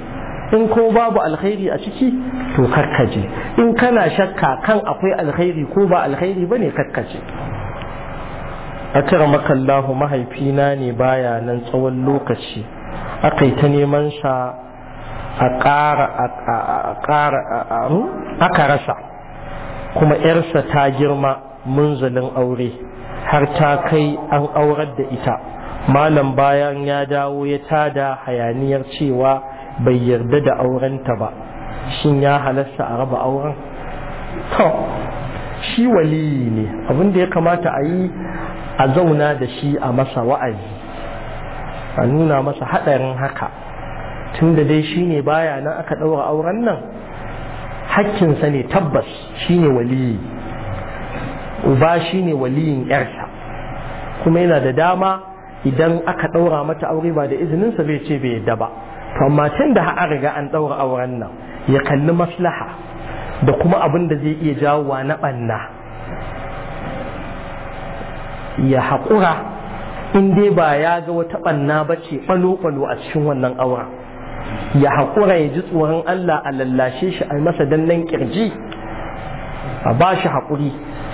in ko babu alkhairi a ciki to kakkaje in kana shakka kan akwai alkhairi ko ba alkhairi bane kakkaje cire makallahu mahaifina ne baya nan tsawon lokaci yi ta neman sa a ƙara a ƙara hmm? aka rasa kuma 'yarsa ta girma munzalin aure har ta kai an aurar da ita malam bayan ya dawo ya tada hayaniyar cewa bai yarda da aurenta ba shin ya halasta a raba auren to shi waliyi ne abin da ya kamata a yi a zauna da shi a masa wa'azi a nuna masa haɗarin haka tun da dai shi ne baya nan aka ɗaura auren nan hakkinsa ne tabbas shi ne waliyi uba shine waliyin yarsa kuma yana da dama idan aka ɗaura mata aure ba da izinin sa bai ce bai yadda ba to amma tun da har riga an ɗaura auren nan ya kalli maslaha da kuma abin da zai iya jawo wa na ɓanna ya haƙura in dai ba ya ga wata ɓanna ba ce ɓalo-ɓalo a cikin wannan auren ya haƙura ya ji tsoron Allah a lallashe shi a masa dannan kirji a ba shi haƙuri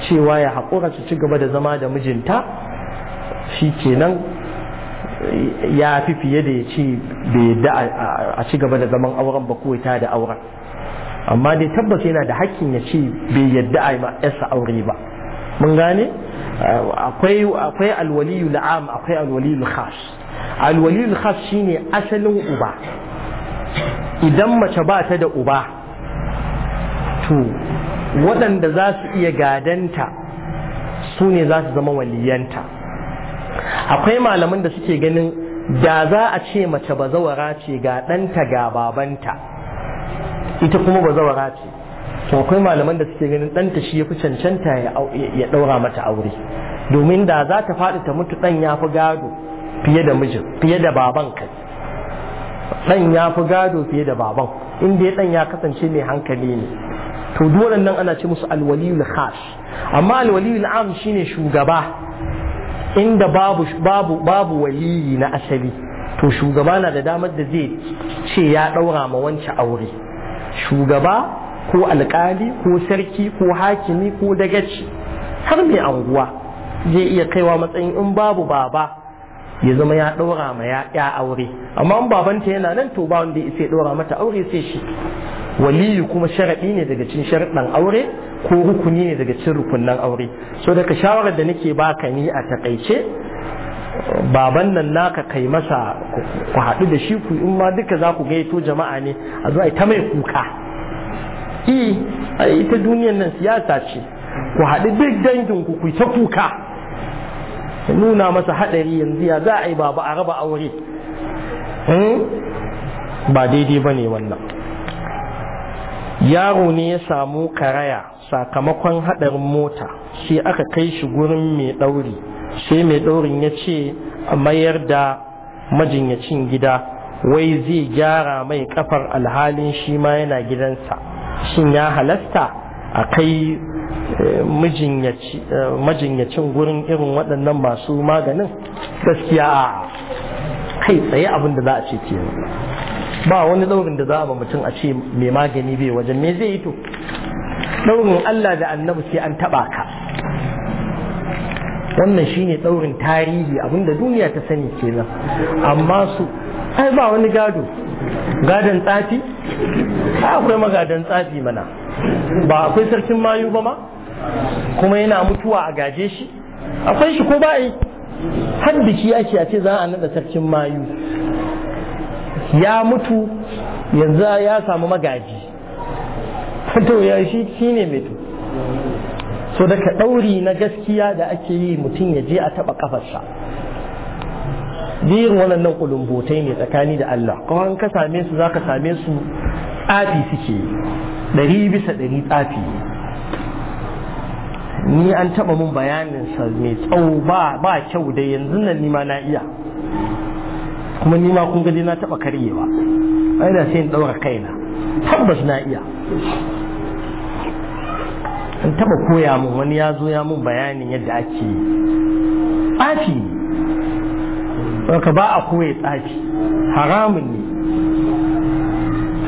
cewa ya haƙura su ci gaba da zama da mijinta shi kenan ya fi fiye da ya ci bai yadda a ci gaba da zaman auren ba kawai ta da auren amma dai tabbas yana da hakkin ya ce bai yadda a yi aure ba mun gane akwai alwaliyu la'am akwai alwaliyu khas alwaliyu khas shine asalin uba idan mace ba ta da uba to waɗanda za su iya gadanta su ne za su zama waliyanta akwai malaman da suke ganin da za a ce mace bazawara ce ga ɗanta ga babanta ita kuma bazawara ce to akwai malaman da suke ganin ɗanta shi ya fi cancanta ya ɗaura mata aure domin da za ta faɗi ta mutu ɗan ya fi gado fiye da mijin fiye da baban kai ɗan ya fi gado fiye da baban inda ya ɗan ya kasance mai hankali ne to duk waɗannan ana ce musu alwaliyul khas amma alwaliyul am shine shugaba inda babu babu babu waliyi na asali to shugaba na da damar da zai ce ya ɗaura ma wancan aure shugaba ko alkali ko sarki ko hakimi ko dagaci har mai anguwa zai iya kaiwa matsayin in babu baba ya zama ya ɗaura ma ya aure amma in babanta yana nan to ba wanda ya ɗaura mata aure sai shi waliyu kuma sharaɗi ne daga cikin sharaɗin aure ko rukuni ne daga cikin rukunnan aure so daga shawarar da nake baka ni a takaice baban nan naka kai masa ku haɗu da shi ku in ma duka za ku gaito jama'a ne a zo ta mai kuka i ita duniyar nan siyasa ce ku haɗu duk dangin ku ku ta kuka nuna masa haɗari yanzu ya za a yi baba a raba aure hmm? ba daidai ba ne wannan yaro ne ya samu karaya sakamakon haɗarin mota sai aka kai shi gurin mai ɗauri sai mai ɗaurin ya ce a mayar da majinyacin gida wai zai gyara mai kafar alhalin shi ma yana gidansa shin ya halasta a kai eh, eh, majinyacin gurin irin waɗannan masu maganin gaskiya kai tsaye abin da za a ce ke ba wani daurin da za a ba mutum a ce mai magani bai wajen me zai yi to daurin Allah da annabi sai an taba ka wannan shine daurin tarihi abinda duniya ta sani kenan amma su ai ba wani gado gadon tsafi akwai magadan tsafi mana ba akwai sarkin mayu ba ma kuma yana mutuwa a gaje shi akwai shi ko ba yi har biki ake a ce za a naɗa sarkin mayu ya mutu yanzu ya samu magaji to ya shi shine mai so daga ɗauri na gaskiya da ake yi mutum ya je a taɓa ƙafarsa biyun wannan ƙulumbotai ne tsakani da Allah kuma ka same su za ka same su tsafi suke ɗari bisa ɗari tsafi ni an taɓa mun bayanin sa mai tsawo ba kyau da yanzu nan ni ma na iya kuma ni ma kun gaji na taɓa karyewa ai da sai in daura kaina tabbas na iya an taba koya mun wani ya zo ya mun bayanin yadda ake tsafi ka ba a koya tsafi haramun ne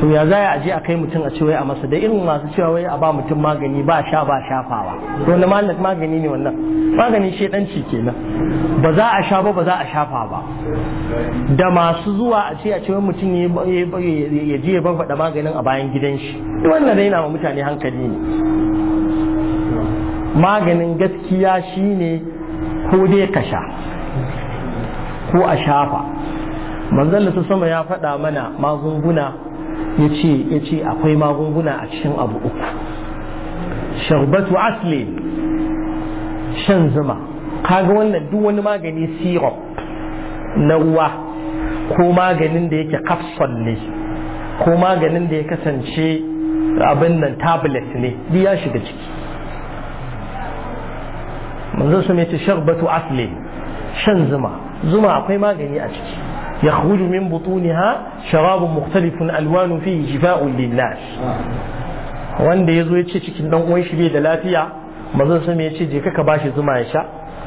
to ya za a je a kai mutum a ce wai a masa da irin masu cewa wai a ba mutum magani ba sha ba shafawa to na mallat magani ne wannan magani shedanci kenan ba za a sha ba ba za a shafa ba da masu zuwa a ce a ce wai mutum ya je ya ban faɗa maganin a bayan gidan shi wannan raina wa mutane hankali ne maganin gaskiya shine ko dai ka sha ko a shafa manzon da su sama ya faɗa mana magunguna ya ce akwai magunguna a cikin abu uku sharbatu asli shan zuma kaga wannan duk wani magani syrup na ruwa ko maganin da yake capsule ne ko maganin da ya kasance abin nan tablet ne duk ya shiga ciki manzo su mai ce sharbatu asli shan zuma zuma akwai magani a ciki يخرج من بطونها شراب مختلف الوان فيه شفاء للناس wanda ya zo ya ce cikin dan uwan shi bai da lafiya mazan sa ya ce je ka bashi zuma ya sha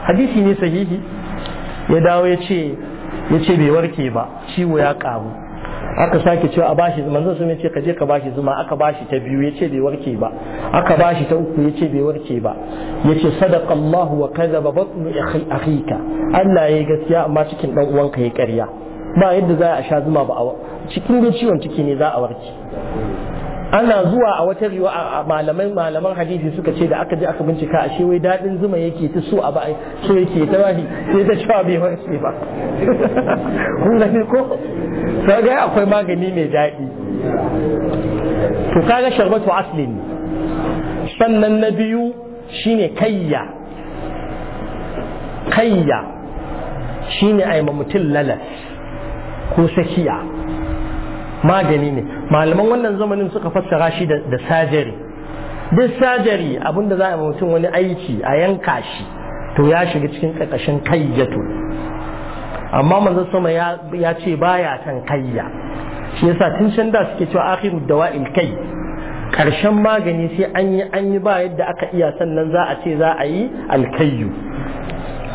hadisi ne sahihi ya dawo ya ce ya ce bai warke ba ciwo ya karu aka sake cewa a bashi manzon ya ce ka je ka bashi zuma aka bashi ta biyu ya ce bai warke ba aka bashi ta uku ya ce bai warke ba ya ce sadaka wa kadaba batnu akhika Allah ya yi gaskiya amma cikin dan uwanka ya karya ba yadda za a sha zuma ba a cikin da ciwon ciki ne za a warke ana zuwa a wata riwa malamai malaman hadisi suka ce da aka je aka bincika a wai dadin zuma yake ta so a ba so yake ta bashi sai ta cewa bai warke ba kun gani ko sai ga akwai magani mai daɗi to kaga sharbatu aslin sannan na biyu shine kayya kayya shine ai mutum lalas ko sakiya magani ne malaman wannan zamanin suka fassara shi da sajari duk sajari abinda za a mutum wani aiki a yanka shi to ya shiga cikin ƙarƙashin kayyato amma manzo sama ya ce baya kan kayya shi yasa tun can da suke cewa akhiru dawa'il kai karshen magani sai an yi an yi ba yadda aka iya sannan za a ce za a yi alkayyu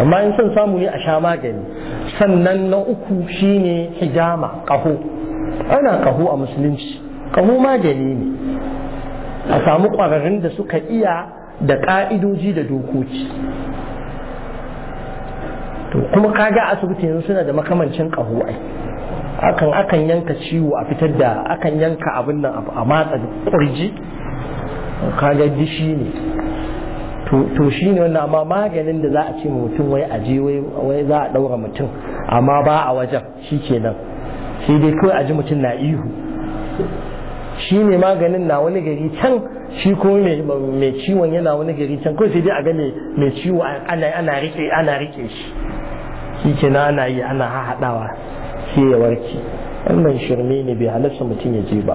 amma in son samu ne a sha magani sannan na uku shine hijama ƙaho ana ƙaho a musulunci ƙaho magani ne a samu ƙwararrun da suka iya da ƙa'idoji da dokoki to kuma kaga asibiti yanzu suna da makamancin ƙaho ai akan akan yanka ciwo a fitar da akan yanka abin nan a matsa kurji kaga dishi ne to shi ne wannan amma maganin da za a ce mutum wai a je wai za a ɗaura mutum amma ba a wajen shi ke nan. sai dai kawai a ji mutum na ihu shi ne maganin na wani gari can shi ko mai ciwon yana wani gari can kawai sai dai a ga mai ciwo ana rike ana rike shi shi na ana yi ana haɗawa sai ya warke wannan shirme ne bai halarta mutum ya je ba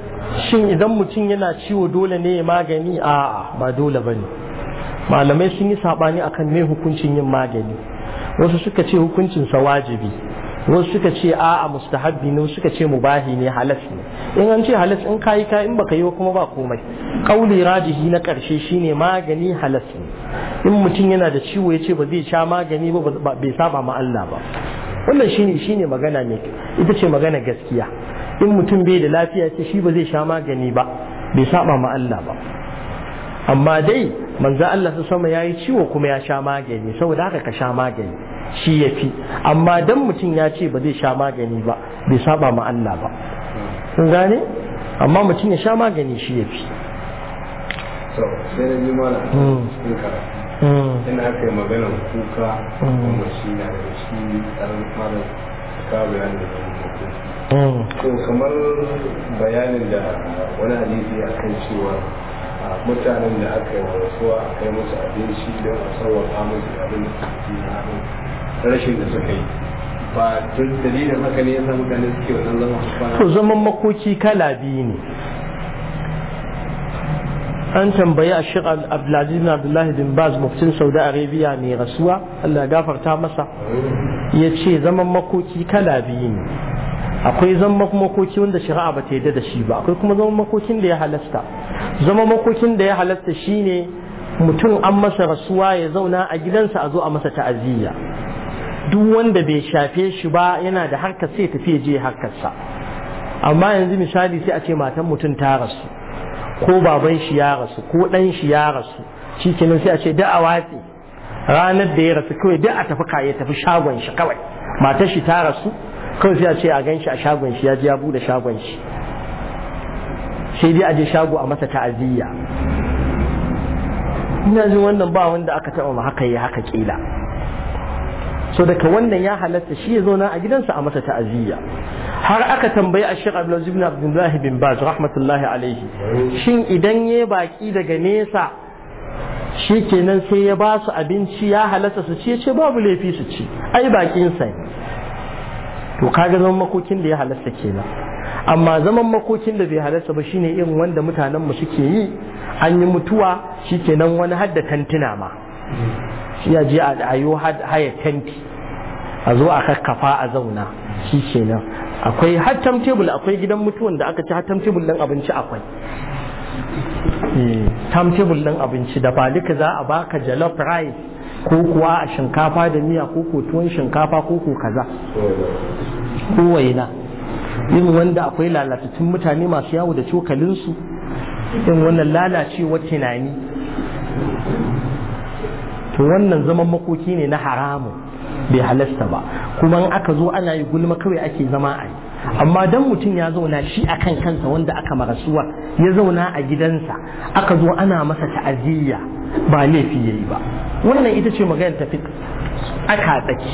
shin idan mutum yana ciwo dole ne ya magani a ba dole ba ne malamai sun yi saɓani akan mai hukuncin yin magani wasu suka ce hukuncinsa wajibi wasu suka ce a'a mustahabbi ne wasu suka ce mubahi ne halas ne in an ce halas in kayi ka in baka yi kuma ba komai kauli rajihi na karshe shine magani halas ne in mutum yana da ciwo ya ce ba zai sha magani ba bai saba ma Allah ba wannan shine shine magana ne ita ce magana gaskiya in mutum bai da lafiya ce shi ba zai sha magani ba bai saba ma Allah ba amma dai manzo Allah su sama yayi ciwo kuma ya sha magani saboda haka ka sha magani shi yafi amma dan mutum ya ce ba zai sha magani ba bai saba ma Allah ba kun gane amma mutum ya sha magani shi yafi sai da ji hmm. ina hmm. aka kuka kuma hmm. shi na da shi tsarin ka bayani da To kamar bayanin da wani hadisi a kan cewa mutanen da aka yi rasuwa a kai musu abinci don a sauwaka musu abin da suke na rashin da suka yi ba tun dalilin haka ne yasa mutane suke wannan zama kwana to zaman makoki kala biyu ne an tambayi a shirar abdulaziz abdullahi bin baz muftin saudi arabia mai rasuwa allah gafarta masa ya ce zaman makoki kala biyu ne akwai zama makoki wanda shari'a ba ta yadda da shi ba akwai kuma zama makokin da ya halasta zama makokin da ya halasta shine mutum an masa rasuwa ya zauna a gidansa a zo a masa ta'aziyya duk wanda bai shafe shi ba yana da harkar sai tafi je harkarsa amma yanzu misali sai a ce matan mutum ta rasu ko baban shi ya rasu ko dan shi ya rasu shi kenan sai a ce da a watsi ranar da ya rasu kawai duk a tafi shagon shi kawai matar shi ta rasu kawai sai a ce a gan shi a shagon shi ya ji ya bude shagon shi sai dai a je shago a masa ta'aziyya ina jin wannan ba wanda aka taɓa ma haka yi haka kila so daga wannan ya halatta shi ya zauna a gidansa a masa ta'aziyya har aka tambayi a shek abdulaziz ibn abdullahi bin baz rahmatullahi alaihi shin idan ya baki daga nesa shi kenan sai ya ba su abinci ya halatta su ci ya ce babu laifi su ci ai bakin sa to kaga zaman makokin da ya halasta kenan amma zaman makokin da bai halasta ba shine irin wanda mutanen mu suke yi an yi mutuwa shikenan wani hadda tantuna ma shi ya je a ayo haya tanti a zo a kakkafa a zauna shikenan akwai hattam tebul akwai gidan mutuwan da aka ci hattam tebul din abinci akwai tam tebul din abinci da ba duka za a baka jollof rice ko kuwa a shinkafa da miya ko ko tuwon shinkafa ko ko kaza ko waina yin wanda akwai lalatattun mutane masu yawo da cokalinsu yin wannan lalacewa tunani to wannan zaman makoki ne na haramu bai halasta ba kuma in aka zo ana yi gulma kawai ake zama a yi amma dan mutum ya zauna shi akan kansa wanda aka marasuwa ya zauna a gidansa aka zo ana masa ta'aziyya ba laifi yayi ba wannan ita ce magana tafi tsaka tsaki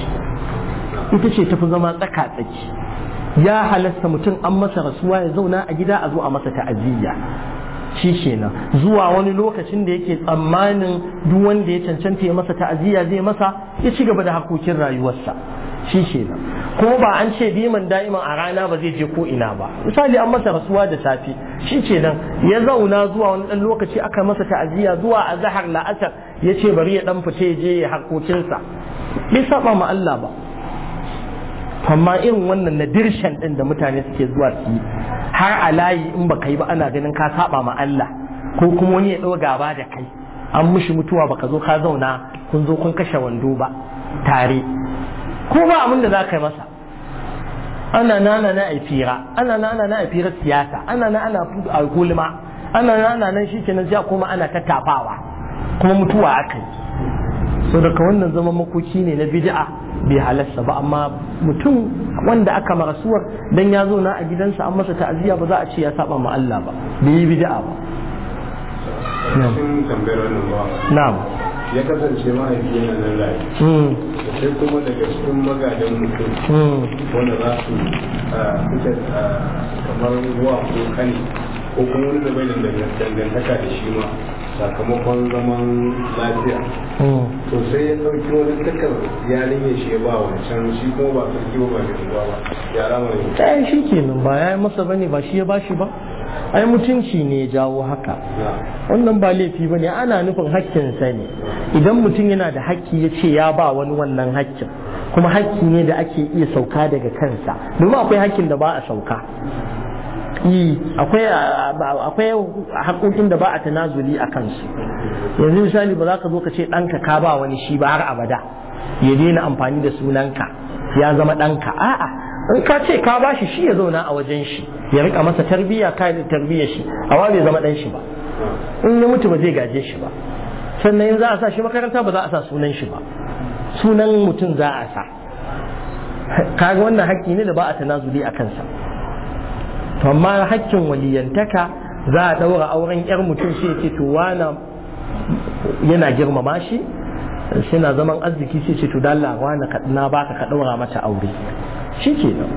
ita ce tafi zama tsaka tsaki ya halasta mutum an masa rasuwa ya zauna a gida a zo a masa ta'aziyya shi kenan zuwa wani lokacin da yake tsammanin duk wanda ya cancanta ya masa ta'aziyya zai masa ya ci gaba da hakokin rayuwarsa shi kenan ko ba an ce diman da'iman a rana ba zai je ko ina ba misali an masa rasuwa da safe shi ce nan ya zauna zuwa wani dan lokaci aka masa ta'aziyya zuwa a zahar la'asar ya ce bari ya dan fice je ya harkokinsa bai saba ma Allah ba amma irin wannan na ɗin din da mutane suke zuwa su yi har a layi in ba yi ba ana ganin ka saba ma Allah ko kuma wani ya ɗau gaba da kai an mushi mutuwa baka zo ka zauna kun zo kun kashe wando ba tare ko ba abin da za ka yi masa ana na ana na ai fira ana na ana na ai firar siyasa ana na ana a gulma ana na ana nan shikenan sai kuma ana tattafawa kuma mutuwa akai so daga wannan zaman makoki ne na bid'a bai halasta ba amma mutum wanda aka marasuwar dan ya zo na a gidansa an masa ta'aziyya ba za a ce ya saba ma Allah ba bai yi bid'a ba na'am ya kasance mahaifi yana nan rayu sai kuma daga cikin magadan mutum hmm. wanda za su ah, fita ah, kamar ruwa ko kani ko kuma wani da bai dangantaka da shi ma sakamakon zaman lafiya hmm. to sai ya ɗauki wani takar yarin ya shi ba can shi kuma ba sarki ba ba da ba yara mai ta shi kenan ba ya yi masa bane ba shi ya ba shi ba ai mutunci ne ya jawo haka wannan ba laifi ba ne ana nufin sa ne idan mutum yana da hakki ya ce ya ba wani wannan hakkin kuma hakki ne da ake iya sauka daga kansa domin akwai hakkin da ba a sauka e, akwai haƙoƙin da ba a tanazuli a kansu yanzu misali ba za ka zo ka ce ɗanka ka ba wani shi ba har abada ya daina amfani da sunanka ya zama ɗanka a'a in ka ce ka bashi shi ya zauna a wajen shi ya rika masa tarbiyya ka da tarbiyya shi amma bai zama dan shi ba in ya mutu ba zai gaje shi ba sannan in za a sa shi makaranta ba za a sa sunan shi ba sunan mutum za a sa kaga wannan haƙƙi ne da ba a tanazuli a kansa to amma haƙƙin waliyantaka za a ɗaura auren 'yar mutum sai ya ce to wana yana girmama shi suna zaman arziki sai ce to lawa na wani na baka ka daura mata aure shi ke nan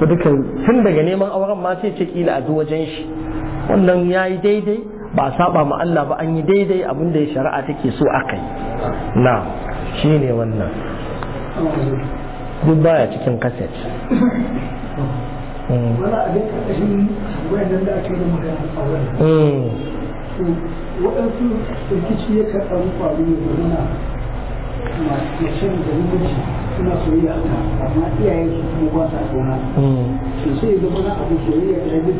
to dukan tun daga neman auren ma sai ce kila a zo wajen shi wannan yayi daidai ba saba mu Allah ba an yi daidai abin da shari'a take so akai na shine wannan duk baya cikin kaset wala abin da ƙarƙashin wayan da ake da hmm. magana hmm. a wannan waɗansu rikici ya karɓa kwaru ne da nuna macen da namiji suna soyayya ta amma iyayen su kuma ba sa gona hmm. sai da wani abu soyayya da yi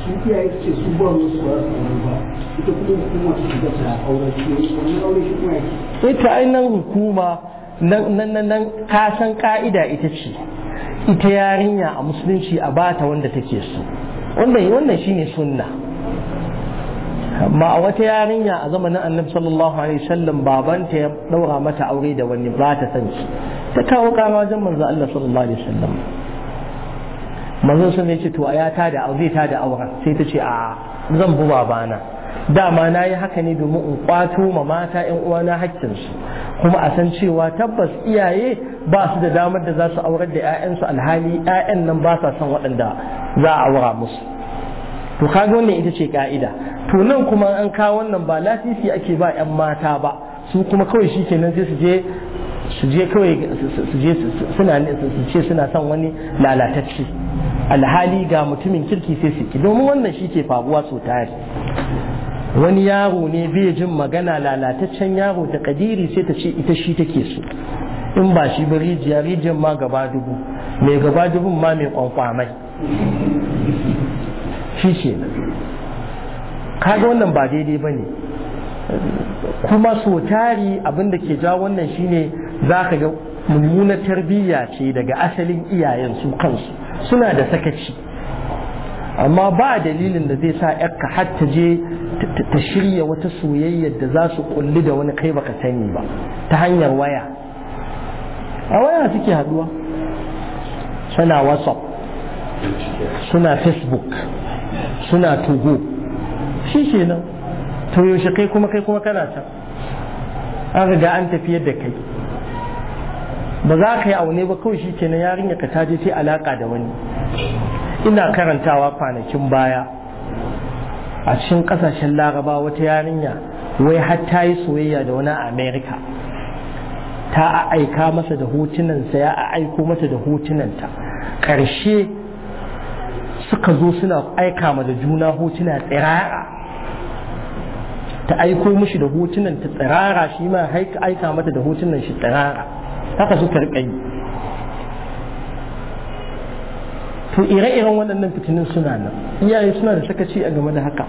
su iyaye su ce su ba mu su ba su ba ita kuma hukuma su shiga ta auren su wani aure shi kuma yake sai ta ainihin hukuma nan nan nan ka san ka'ida ita ce ita yarinya a musulunci a bata wanda take so wannan wannan shine sunna amma a wata yarinya a zamanin annabi sallallahu alaihi wasallam babanta ya daura mata aure da wani ba ta san shi ta kawo kama wajen manzo Allah sallallahu alaihi wasallam manzo sun ya ce to aya ta da aure ta da aure sai ta ce a zan bu babana dama na yi haka ne domin in kwato ma mata yan uwana hakkin su kuma a san cewa tabbas iyaye ba su da damar da za su aurar da 'ya'yansu alhali 'ya'yan nan ba sa son waɗanda za a aura musu to kaga wannan ita ce ka'ida to nan kuma an kawo wannan ba lasisi ake ba 'yan mata ba su kuma kawai shi kenan sai su je kawai su je suna su suna son wani lalatacce alhali ga mutumin kirki sai su ki domin wannan shi ke faruwa so tare wani yaro ne bai jin magana lalataccen yaro ta kadiri sai ta ce ita shi take so in ba shi ba rijiya rijiyar ma gaba dubu mai gaba dubun ma mai kwankwamai shi ke kaga wannan ba daidai ba ne kuma so tari abinda ke ja wannan shine za ka ga mummunar tarbiyya ce daga asalin iyayen su kansu suna da sakaci amma ba dalilin da zai sa yarka har ta je ta shirya wata soyayyar da za su kulli da wani kai baka sani ba ta hanyar waya a waya suke haduwa suna whatsapp suna facebook suna togo shi nan to yaushe kai kuma kai kuma kana can an riga an tafiyar da kai ba za ka yi aune ba kawai shi kenan yarinya ka ta je ta alaka da wani ina karantawa kwanakin baya a cikin ƙasashen laraba wata yarinya wai har ta yi soyayya da wani a ta aika masa da hotunansa ya aiko mata da hotunanta ƙarshe suka zo suna aika ma da juna hotuna tsirara ta aiko mishi da hotunan ta tsirara shi ma aika mata da hotunan shi tsirara haka suka rika yi to ire-iren waɗannan fitinin suna nan iyaye suna da sakaci a game da haka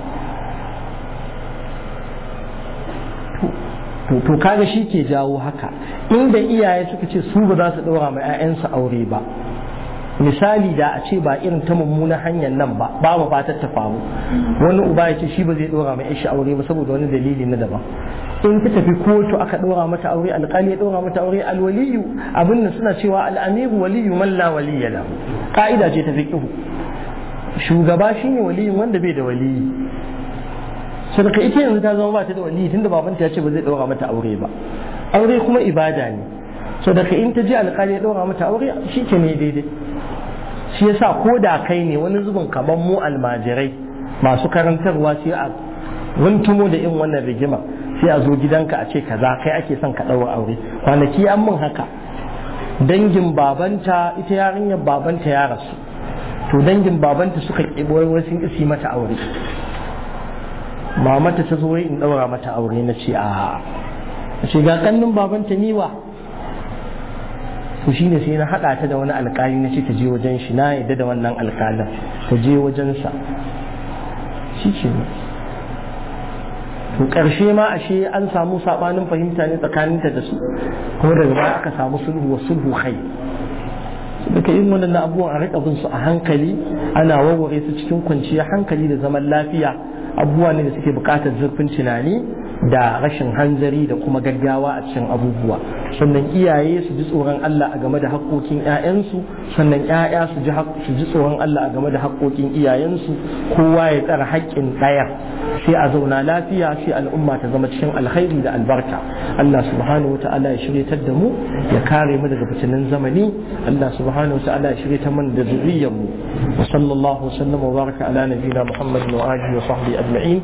to kaga shi ke jawo haka inda iyaye suka ce su ba za su ɗora mai 'ya'yansu aure ba misali da a ce ba irin ta mummuna hanyar nan ba ba mu fatar ta faru wani uba ya ce shi ba zai dora mai ishi aure ba saboda wani dalili na daban in ta tafi kotu aka dora mata aure alƙali ya dora mata aure alwaliyu abin nan suna cewa al'amiru waliyu man la waliya lahu ka'ida ce ta fiqhu shugaba shine waliyin wanda bai da waliyi sadaka ita yanzu ta zama ba ta da waliyi tunda babanta ya ce ba zai dora mata aure ba aure kuma ibada ne sadaka in ta je alƙali ya dora mata aure shi ke ne daidai shi yasa ko da kai ne wani zubin kamar mu almajirai masu karantarwa sai a runtumo da irin wannan rigima sai a zo gidanka a ce kaza kai ake son ka dawo aure kwanaki an mun haka dangin babanta ita yarinyar babanta ya rasu to dangin babanta suka ƙibuwar sun isi mata aure mamata ta zo in daura mata aure na ce a ce ga kannin babanta niwa to shine sai na haɗa ta da wani alkali na ce ta je wajen shi na yadda da wannan alkalin ta je wajen sa shi ce to karshe ma ashe an samu sabanin fahimta ne tsakaninta da su kuma daga baya aka samu sulhu wa sulhu kai duka irin wannan abubuwan a rika bin su a hankali ana warware su cikin kwanciyar hankali da zaman lafiya abubuwa ne da suke bukatar zurfin tunani da rashin hanzari da kuma gaggawa a cikin abubuwa sannan iyaye su ji tsoron Allah a game da haƙoƙin 'ya'yansu sannan 'ya'ya su ji tsoron Allah a game da haƙoƙin iyayensu kowa ya tsara haƙƙin ɗaya sai a zauna lafiya sai al'umma ta zama cikin alkhairi da albarka Allah subhanahu wata'ala ya shiryatar da mu ya kare mu daga fitinin zamani Allah subhanahu wata'ala ya shiryatar mana da zuriyar mu sallallahu alaihi wa sallam wa baraka ala nabiyina Muhammad wa alihi wa sahbihi ajma'in